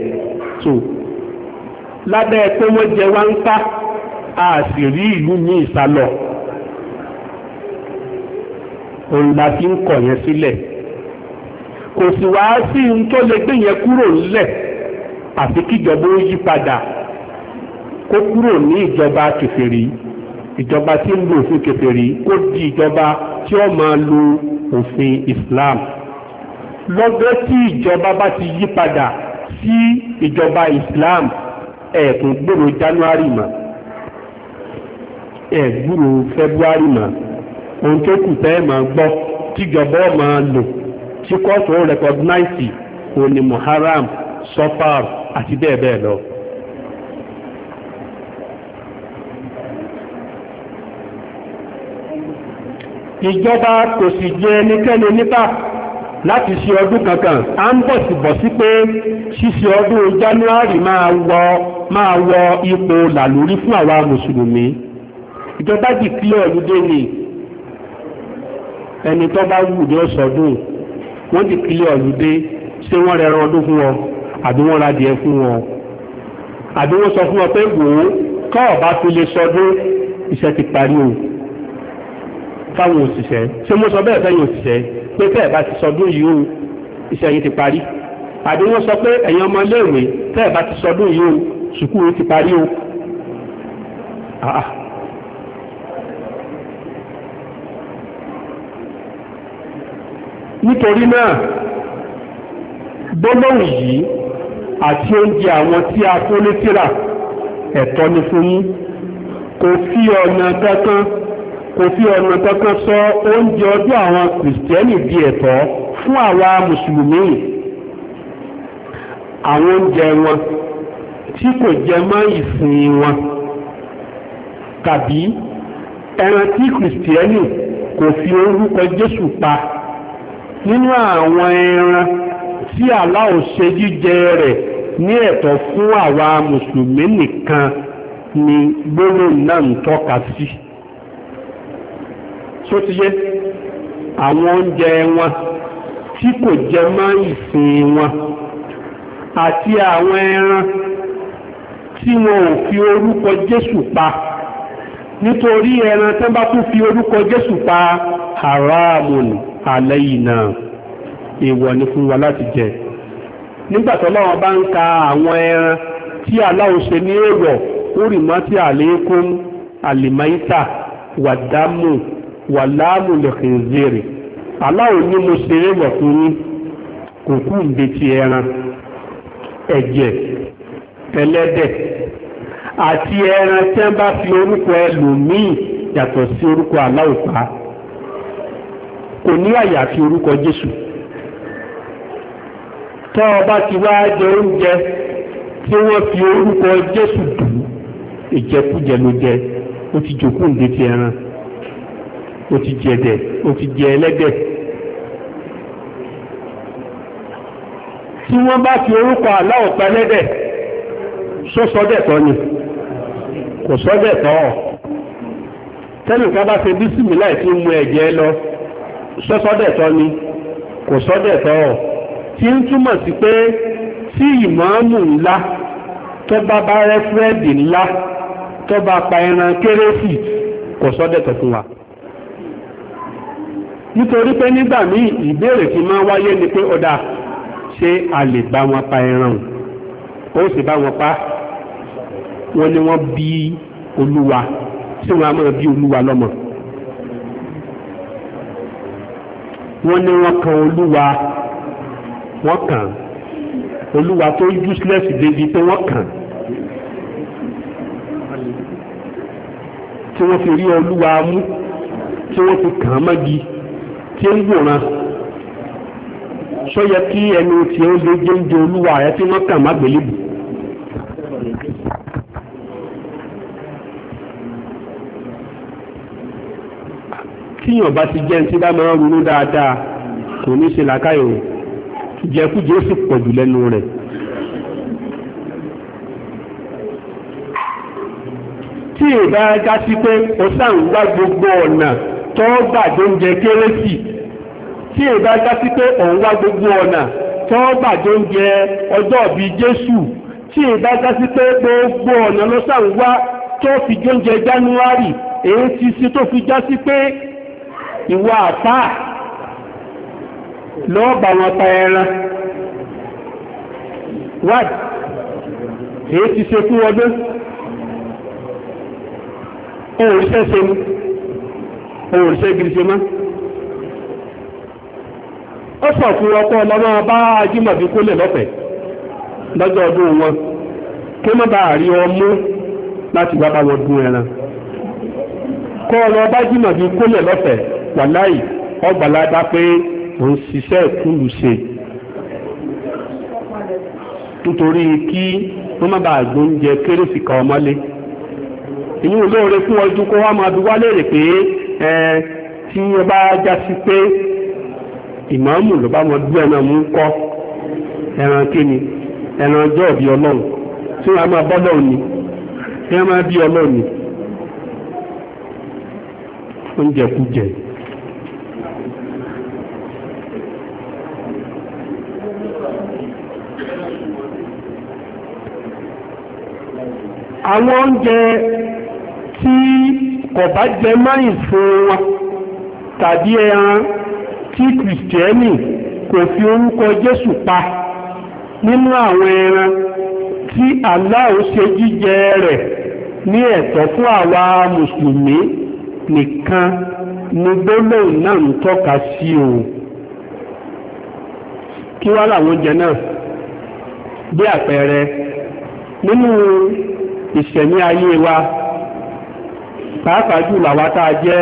lábẹ́ pé wọ́n jẹ wá ń a sì rí ìlú ní sa òun la fi ń kọ̀ yẹn sílẹ̀ kò sì wá sí ohun tó lè gbé àfi kíjọba ó yí padà kó kúrò ní ìjọba kèfèrí ìjọba tí ń lo òfin kèfèrí kó di ìjọba tí ó máa lo òfin Islam lọ́gbẹ́ tí ìjọba bá ti yí padà sí ìjọba Islam ẹ̀ẹ̀kùn gbòòrò January mọ́ ẹ̀gbúrò February mọ́ ohun tó kù tẹ́ máa gbọ́ tíjọba máa lò tí kóòtù ó rẹkọgnáìsì òní Muharram Sofar àti bẹ́ẹ̀ bẹ́ẹ̀ lọ. ìjọba kò sì jẹ ẹnikẹ́ni nípa láti ṣe ọdún kankan a ń bọ̀ sí bọ̀ sí pé ṣíṣe ọdún January máa wọ máa wọ ipò làlórí fún àwa mùsùlùmí ìjọba jì kílẹ̀ ọ̀lúdé ni ẹni tó bá wù ní ọ̀sọ̀dún wọ́n jì kílẹ̀ ọ̀lúdé ṣé wọ́n rẹran ọdún fún ọ àbí wọ́n ra díẹ̀ fún wọn àbí wọ́n sọ fún ọ pé wò ó kọ́ ọ̀bá fi lè sọdún iṣẹ́ ti parí o fáwọn òṣìṣẹ́ ṣé mo sọ bẹ́ẹ̀ fẹ́yìn òṣìṣẹ́ pé tẹ́ẹ̀ bá ti sọdún yìí o iṣẹ́ yìí ti parí àbí wọ́n sọ pé ẹ̀yin ọmọ iléèwé tẹ́ẹ̀ bá ti sọdún yìí o sùkúrù ti parí o nítorí náà gbólóhùn yìí àti oúnjẹ àwọn tí a fún ní tírà ẹ̀tọ́ ni fún yín kò fi ọ̀nà kankan kò fi ọ̀nà kankan sọ oúnjẹ ọdún àwọn kìrìsìtẹ́nì di ẹ̀tọ́ fún àwa mùsùlùmí àwọn oúnjẹ wọn tí kò jẹ mọ́ ìsìn wọn tàbí ẹran tí kìrìsìtẹ́nì kò fi orúkọ Jésù pa nínú àwọn ẹran tí aláòṣe jíjẹ rẹ̀ ní ẹ̀tọ́ fún àwa mùsùlùmí nìkan ni gbóló náà ń tọ́ka sí só ti yé àwọn oúnjẹ wọn tí kò jẹ mọ́ ìsìn wọn àti àwọn ẹran tí wọn ò fi orúkọ Jésù pa nítorí ẹran tán bá tún fi orúkọ Jésù pa haramun alayna èèwọ̀ ni fún wa láti jẹ nígbàtọ́ lọ́wọ́ bá ń ka àwọn ẹran tí Allahu ṣe ní èèwọ̀ urimati alaykum alimaita wàdámù wàlámù lẹ́kẹ̀ẹ́zẹ̀rẹ̀ Allahu ní mo ṣe èèwọ̀ fún yín kò kú ìbẹ̀tì ẹran ẹ̀jẹ̀ ẹlẹ́dẹ̀ àti ẹran tí wọ́n bá fi orúkọ ẹlòmíì yàtọ̀ sí orúkọ Allahu pa kò ní àyàfi orúkọ Jésù tọ́ ọba ti wá jẹ oúnjẹ tí wọ́n fi orúkọ jésù dùn ìjẹkújẹ ló jẹ ó ti jòkó ǹdẹ ti ẹran ó ti jẹ ẹdẹ ó ti jẹ ẹlẹ́dẹ̀ tí wọ́n bá fi orúkọ aláwọ̀ pẹ́lẹ́dẹ̀ só sọ́dẹ̀ tọ́ ni kò sọ́dẹ̀ tọ́ ọ̀ tẹ́nìkan bá ṣe bísímìláì tí mú ẹ̀jẹ̀ lọ só sọ́dẹ̀ tọ́ ni kò sọ́dẹ̀ tọ́ ọ̀ tí ń túmọ̀ sí pé tí ìmáàmù ńlá tó bá bá rẹ́fúrẹ́dì ńlá tó bá pa ẹran kérésì kò sọ́dẹ̀tọ̀ fún wa nítorí pé nígbà míì ìbéèrè tí máa wáyé ni pé ọ̀dà ṣé a lè bá wọn pa ẹran ó sì bá wọn pa wọn ni wọ́n bí olúwa tí wọ́n á máa bí olúwa lọ́mọ wọ́n ní wọ́n kan olúwa wọ́n kàn olúwa tó useless débi pé wọ́n kàn tí wọ́n fi rí olúwa mú tí wọ́n fi kàn án mọ́gi tí ń wòran sọ́yẹ kí ẹnu tí ó lè jẹ́ǹde olúwa ẹ̀ tí wọ́n kàn má gbélébù. tíyàn bá ti jẹ́ ní tí bá máa ń ronú dáadáa kò ní ṣe làkàyò jẹkújẹ ó sì pọ̀jù lẹ́nu rẹ̀ tí ìbá sí pé gbogbo ọ̀nà tó gbàjọ jẹ kérésì tí ìbá sí pé gbogbo ọ̀nà tó gbàjọ jẹ ọjọ́ Jésù tí ìbá sí gbogbo ọ̀nà tó fi èyí ti sí tó fi lọ́ọ́ bá wọn ta ẹran wád èyí ti ṣe fún ọdún ohun iṣẹ́ ṣe mú ohun iṣẹ́ gidi ṣe mọ́ ó sọ fún ọkọ ọlọ́mọ bá ajímọ̀bí kó lè lọ́jọ́ ọdún wọn kí mọ́ bá rí ọmú láti wá wọn dún ẹran kọ́ kó lè ò ń ṣiṣẹ́ ìkúlù ṣe nítorí kí wọ́n má bàa gbóúnjẹ kérésì kan ọmọlé èyí ò lóore fún ọdún kó wá máa bí wálé rè pé ẹ tí wọ́n bá já sí pé ìmáàmù ló bá wọn bí ẹ̀nà mú kọ́ ẹran kíni ẹran ọjọ́ ìbí ọlọ́run tí wọ́n máa bọ́ lọ́run ni tí wọ́n máa bí ọlọ́run ni oúnjẹ kú jẹ. àwọn oúnjẹ tí kò bá jẹ máyìn fún wọn tàbí ẹran tí kìrìsìtẹ́nì kò fi orúkọ Jésù pa nínú àwọn ẹran tí Allah ṣe jíjẹ rẹ̀ ní ẹ̀tọ́ fún àwa mùsùlùmí nìkan ni gbólóhùn náà ń tọ́ka sí o kí wá làwọn oúnjẹ náà bí àpẹẹrẹ nínú ìṣẹ̀mí ayé wa pàápàá jùlọ àwa tá a jẹ́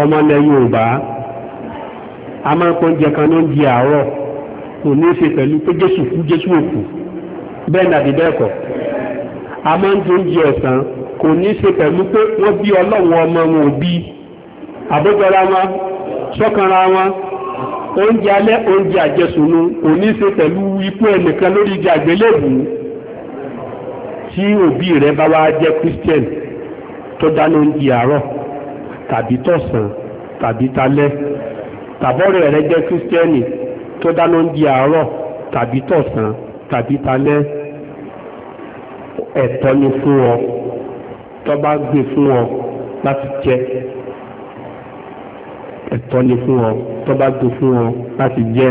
ọmọlẹ̀ Yorùbá a máa ń pọ́njẹ kan ló ń di àárọ̀ kò ní í ṣe pẹ̀lú pé Jésù kú Jésù òkú bẹ́ẹ̀ nàbí bẹ́ẹ̀ kọ́ a máa ń dún di ọ̀sán kò ní ṣe pẹ̀lú pé wọ́n bí Ọlọ́run ọmọ wọn ò àbójọra wọn sọ́kanra wọn oúnjẹ alẹ́ oúnjẹ àjẹsùnú kò ní ṣe pẹ̀lú ikú ẹnìkan lórí igi àgbélébùú tí òbí rẹ bá wá jẹ́ christian tó dáná oúnjẹ àárọ̀ tàbí tọ̀sán tàbí talẹ́ tàbọ́rẹ̀ rẹ jẹ́ kírísítẹ́nì tó dáná oúnjẹ àárọ̀ tàbí tọ̀sán tàbí talẹ́ ẹ̀tọ́ ni fún ọ tó bá gbé fún ọ láti jẹ ẹ̀tọ́ ni fún ọ tó bá gbé fún ọ láti jẹ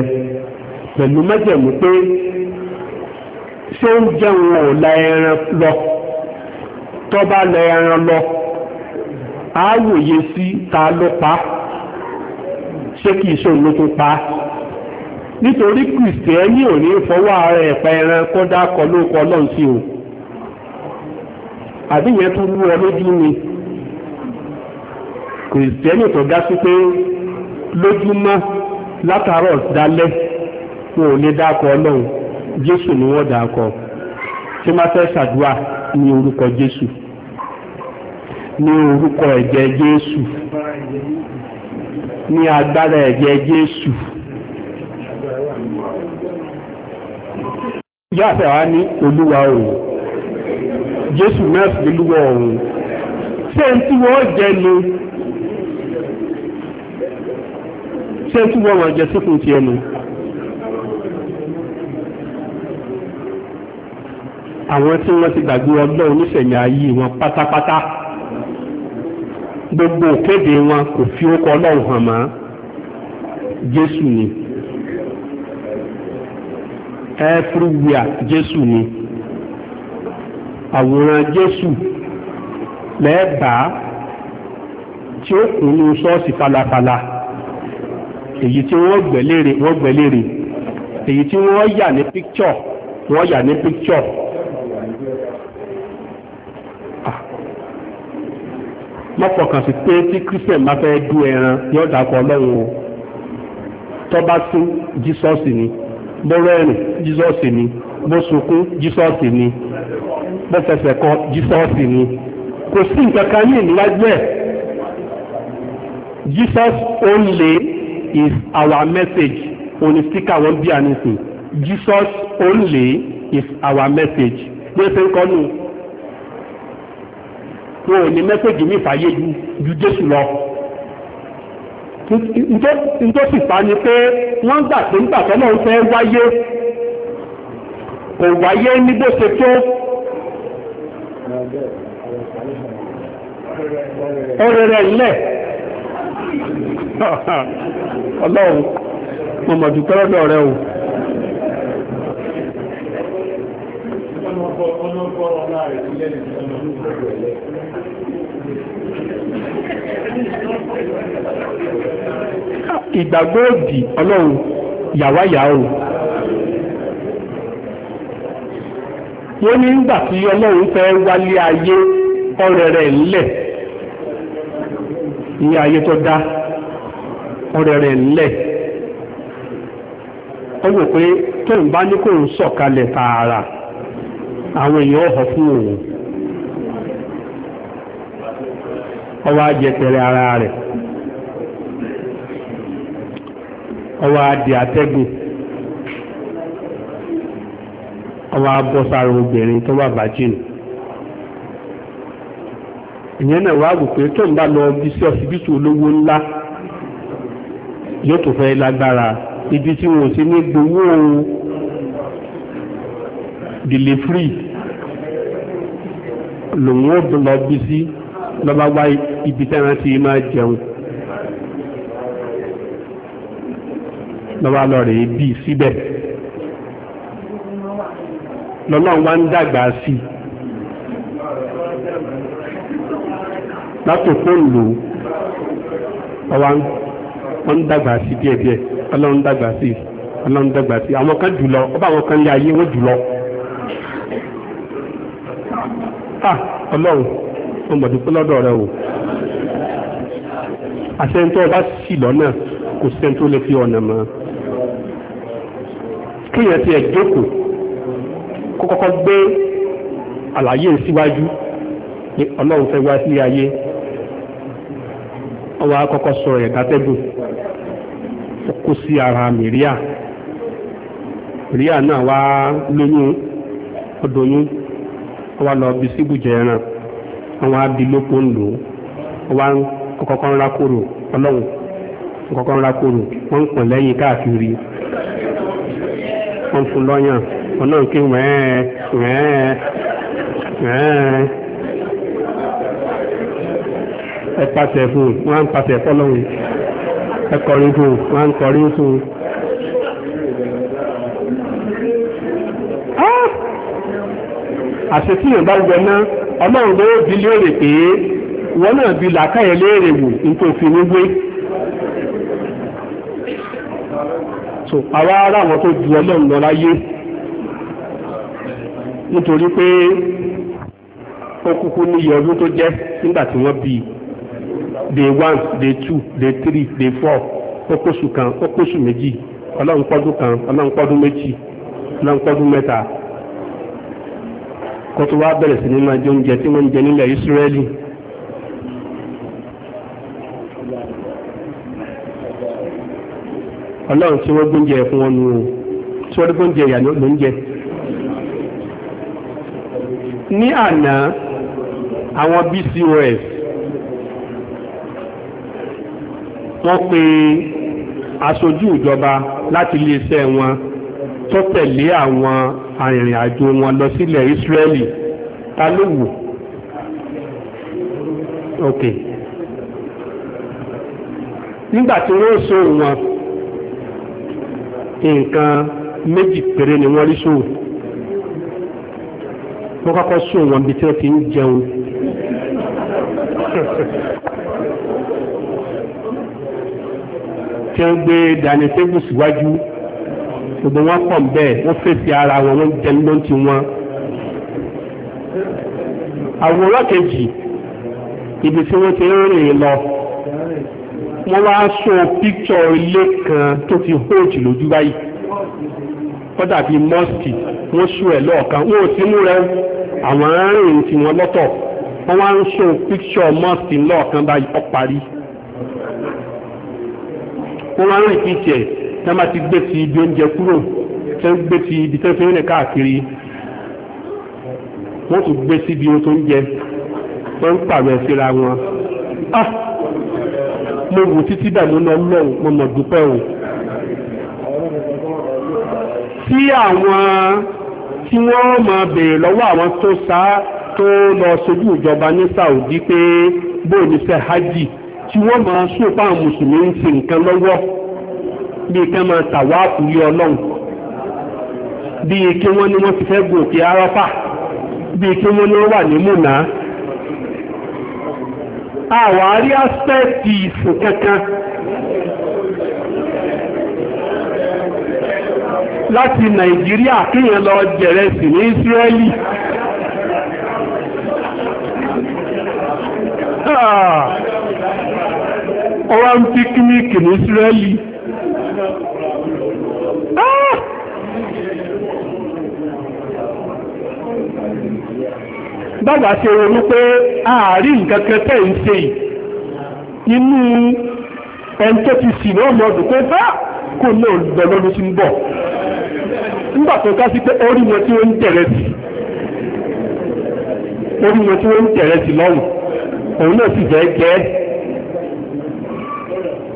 pẹ̀lú mẹ́jẹ̀mú pé tó ń jẹun ò la ẹran lọ tó bá la ẹran lọ á wòye sí ta ló pa ṣé kì í ṣòun ló pa nítorí kìrìsìtẹ́nì ò ní fọwọ́ ara ẹ̀pà ẹran kó dákọ lóko ọlọ́run sí o àbíyẹn tún wú ọ lójú ni kìrìsìtẹ́nì tó dá sí pé lójúmọ́ látàárọ̀ dálẹ́ wọn ò lè dákọ ọlọ́run jésù ni wọ́n dà kọ tí wọ́n fẹ́ ṣàdúrà ní orúkọ jésù ní orúkọ ẹ̀jẹ̀ jésù ní agbára ẹ̀jẹ̀ jésù. ìyá àfẹ́wá ní olúwa òun jésù mẹ́sì lúwọ́ òun ṣé ń tí wọ́n jẹ ni ṣé ń tí wọ́n wọ́n jẹ síkùn ti ẹnu. àwọn tí wọ́n ti gbàgbé ọlọ́run nífẹ̀mí ayé wọn pátápátá gbogbo òkéde wọn kò fi kọ ọlọ́run hàn mọ́ jésù ni everywhere jésù ni àwòrán jésù lẹ́ẹ̀bàá tí ó kún ní ṣọ́ọ̀ṣì falafala èyí tí wọ́n gbẹ̀lérè wọ́n gbẹ̀lérè èyí tí wọ́n yà ní mọ́fọ̀kàn sí pé tí christian bá fẹ́ dú ẹran yóò dàpọ̀ ọlọ́run o tó bá sún jesus ni bó rẹ́rìn jesus ni bó sunkún jesus ni bó fẹsẹ̀ kọ jesus ni kò sí nǹkan kan ní ìníwájú ẹ̀ jesus only is our message òní sticker wọn bí ànísìn jesus only is our message bí ó ṣe ń kọ́ nù wọn ò ní mẹ́sẹ̀gì ní ìfàyè ju jésù lọ nítorí sì fa ni pé wọ́n gbà pé nígbà tó náà ń fẹ́ wáyé kò wáyé ní bó ṣe tó ọ̀rẹ́ rẹ̀ ńlẹ̀ ọlọ́run mo mọ̀ dúpẹ́ lọ́dọ̀ o. ọ̀nà rẹ̀ sílẹ̀ ìgbàgbọ́ òdì ọlọ́run yàwáyà o wọ́n ní nígbà tí ọlọ́run fẹ́ wálé ayé ọ̀rẹ́ rẹ̀ ńlẹ̀ ní ayé tó dá ọ̀rẹ́ rẹ̀ ńlẹ̀ ó wò pé tóun bá ní kóun sọ̀kalẹ̀ tààrà àwọn èèyàn ọ̀họ̀ fún òun ọwọ́ ajẹtẹ̀rẹ̀ ara rẹ̀ ọwọ́ adì àtẹ́gùn ọwọ́ abọ́sára obìnrin tó wà bàjínì ìyẹn náà wà pé tó ń bá lọ bí sí ọsibítù olówó ńlá yóò tó fẹ́ lágbára ibi tí wọn ò sí ní gbowó delivery lòun lọ bí lọ́ba wá ibi tẹ́ran ti máa jẹun lọ́ba lọ rèé bí síbẹ̀ lọ́lọ́run wá ń dàgbà sí látòkó lò ọwá wọ́n ń dàgbà sí díẹ̀díẹ̀ ọlọ́run dàgbà sí ọlọ́run dàgbà sí àwọn kan jùlọ ọba àwọn kan lé ayé wọn jùlọ. Ah, ọlọ́run tó mọ̀ dúpẹ́ lọ́dọ̀ rẹ o àṣẹntọ́ ọba sì lọ́nà kò sẹ́ni lè fi ọ̀nà mọ́ kíyàn ti kó kọ́kọ́ gbé àlàyé síwájú ní ọlọ́run fẹ́ wá sílé ayé ọwọ́ akọ́kọ́ sọ ẹ̀dá tẹ́gùn kó sí ara mìíríà náà wá lóyún àwọn abilópo ń lò ó wá ń kọ́kọ́ ń rákòrò ọlọ́run kọ́kọ́ ń rákòrò wọ́n ń pọ̀n lẹ́yìn káàkiri wọ́n fún lọ́yàn wọn náà kí wẹ́ẹ́ wẹ́ẹ́ wẹ́ẹ́ ẹ pàṣẹ fún wọn ń pàṣẹ fọlọ́run ẹ kọrin fún wọn ń kọrin fún. Ah! àṣetí yẹn bá gbẹ náà ọlọ́run ló bi léèrè pé wọ́n náà bi làákàyè léèrè wò nǹkan òfin nígbé so àwa ara àwọn tó ju ọlọ́run lọ láyé nítorí pé ó kúkú níye ọdún tó jẹ́ nígbà tí wọ́n bí day one day two day three day four ó kóṣù kan ó kóṣù méjì ọlọ́run pọ́dún kan ọlọ́run pọ́dún méjì ọlọ́run pọ́dún mẹ́ta kó tó wá bẹ̀rẹ̀ sí ní máa jẹ oúnjẹ tí wọ́n ń jẹ nílẹ̀ Ísírẹ́lì ọlọ́run tí wọ́n gbóúnjẹ fún wọn nù tí wọ́n gbóúnjẹ ìyà ló ń jẹ ní àná àwọn BCOS wọ́n pe aṣojú ìjọba láti iléeṣẹ́ wọn tó tẹ̀lé àwọn arìnrìn àjò wọn lọ sílẹ̀ Ísírẹ́lì ta ló wù ok nígbà tí wọ́n so wọn nǹkan méjì péré ni wọ́n rí sóhùn wọ́n kọ́kọ́ sóhùn wọn bí tí wọ́n ti ń jẹun tí wọ́n gbé dání tébù síwájú. Si gbogbo wọn pọ̀ ń bẹ́ẹ̀ wọ́n fèsì ara wọn wọ́n jẹ́ ló ń ti wọn. àwòrán kejì ibi tí wọ́n ti rìn lọ wọ́n wá sọ píkṣọ ilé kan tó ti hóòjì lójú báyìí wọ́n dàbí mọ́ọ̀sì wọ́n sọ ẹ̀ lọ́ọ̀kan wọ́n ò sí mú rẹ àwọn arìnrìn tiwọn lọ́tọ̀ wọ́n wá ń sọ píkṣọ mọ́ọ̀sì lọ́ọ̀kan báyìí ó parí wọ́n wá ń rìn píkṣọ ẹ̀ Tama bá ti gbé ti ibi oúnjẹ kúrò tán gbé ti ibi tán fi ń rìn káàkiri wọ́n tún gbé síbi ohun tó ń jẹ wọ́n ń pààrọ̀ síra wọn. Ah! mo wù títí dàmú lọ lọ́wọ́ mo mọ̀ dúpẹ́ o. tí àwọn tí wọ́n máa béèrè lọ́wọ́ àwọn tó sá tó lọ sojú ìjọba ní Saudi pé bóyá ní sẹ́ hajj tí wọ́n máa sún fáwọn mùsùlùmí ń ṣe nǹkan lọ́wọ́. bíi kí wọ́n máa tàwáàfù lé ọlọ́run bíi kí wọ́n ni wọ́n ti fẹ́ gun òkè arọ́fà bíi kí wọ́n ní wọ́n wà ní múnà àwárí aspẹ́ẹ̀tì ìsìn kankan láti nàìjíríà kíyàn lọ jẹ̀rẹ̀ sí ní ìsírẹ́lì ọwá ah! ń píkíníkì ní ìsírẹ́lì bàbá ṣe ronú pé ààrí nǹkan kẹtẹ́ ń ṣe inú ẹni tó ti sì náà mọ́dún pé bá kò ní olùgbẹ̀ sí ń bọ̀ nígbà tó ká sí pé orí wọn tí wọ́n ń tẹ̀rẹ̀ sí orí wọn tí wọ́n ń tẹ̀rẹ̀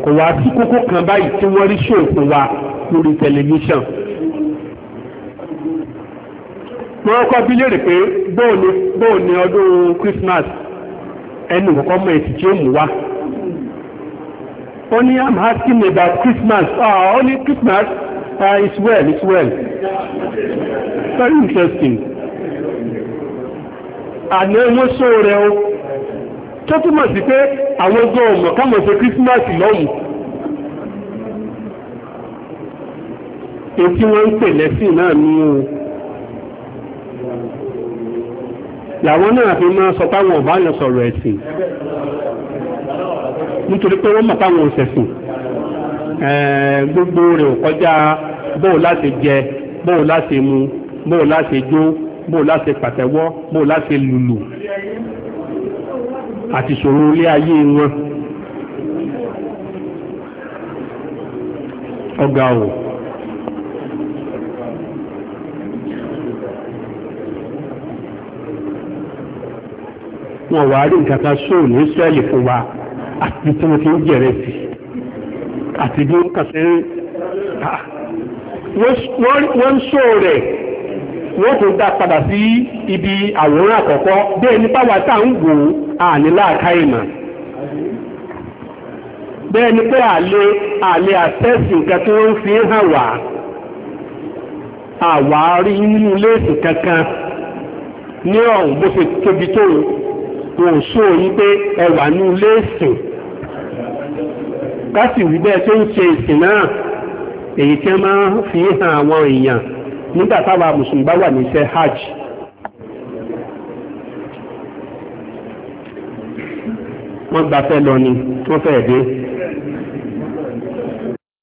kò wá sí kókó kan báyìí tí wọ́n rí ṣòfò wa lórí tẹlifíṣàn wọ́n kọ́ bí léèrè pé bóò ni ọdún Christmas ẹnu kọ́kọ́ mọ èsì tí ó mú wá ó ní I'm asking about Christmas ah, ó only Christmas uh, it's well it's well very interesting àná wọ́n sóò rẹ̀ o tó túmọ̀ sí pé àwọn ogun ọmọ káwọn ṣe kírísímàsì lọ́hùn ètí wọ́n ń pè lẹ́sìn náà ní o làwọn náà fi máa sọ táwọn ọ̀bá lọ sọ̀rọ̀ ẹ̀sìn nítorí pé wọ́n mọ̀ táwọn òṣẹ̀sìn gbogbo rẹ̀ ò kọjá bóò láti jẹ bóò láti mu bóò láti jó bóò láti pàtẹ́wọ́ bóò láti lùlù àti ìṣòro ilé ayé wọn ọgá o wọn wà rí nǹkan kan sóò ní sẹ́ẹ̀lì fún wa àti tí wọ́n ti ń jẹ̀rẹ̀ sí àti bí wọ́n kàn ah, rẹ̀ wọ́n tó dá padà sí ibi àwòrán àkọ́kọ́ bẹ́ẹ̀ ni báwa tá ń wò àní láàká ìmọ̀ bẹ́ẹ̀ ni pé àlè àlè àtẹ́sì nǹkan tí wọ́n fi ń hàn wá àwárí nínú léèsì kankan ní ọ̀hún bó ṣe tóbi tó wọn sọ yí pé ẹwà nínú léèsì ká bẹ́ẹ̀ tó ń ṣe ìsìn náà èyí tí wọ́n máa fi hàn àwọn èèyàn nígbà táwa mùsùlùmí bá wà ní iṣẹ́ hajj wọ́n gbafẹ́ lọ ni wọ́n fẹ́ dé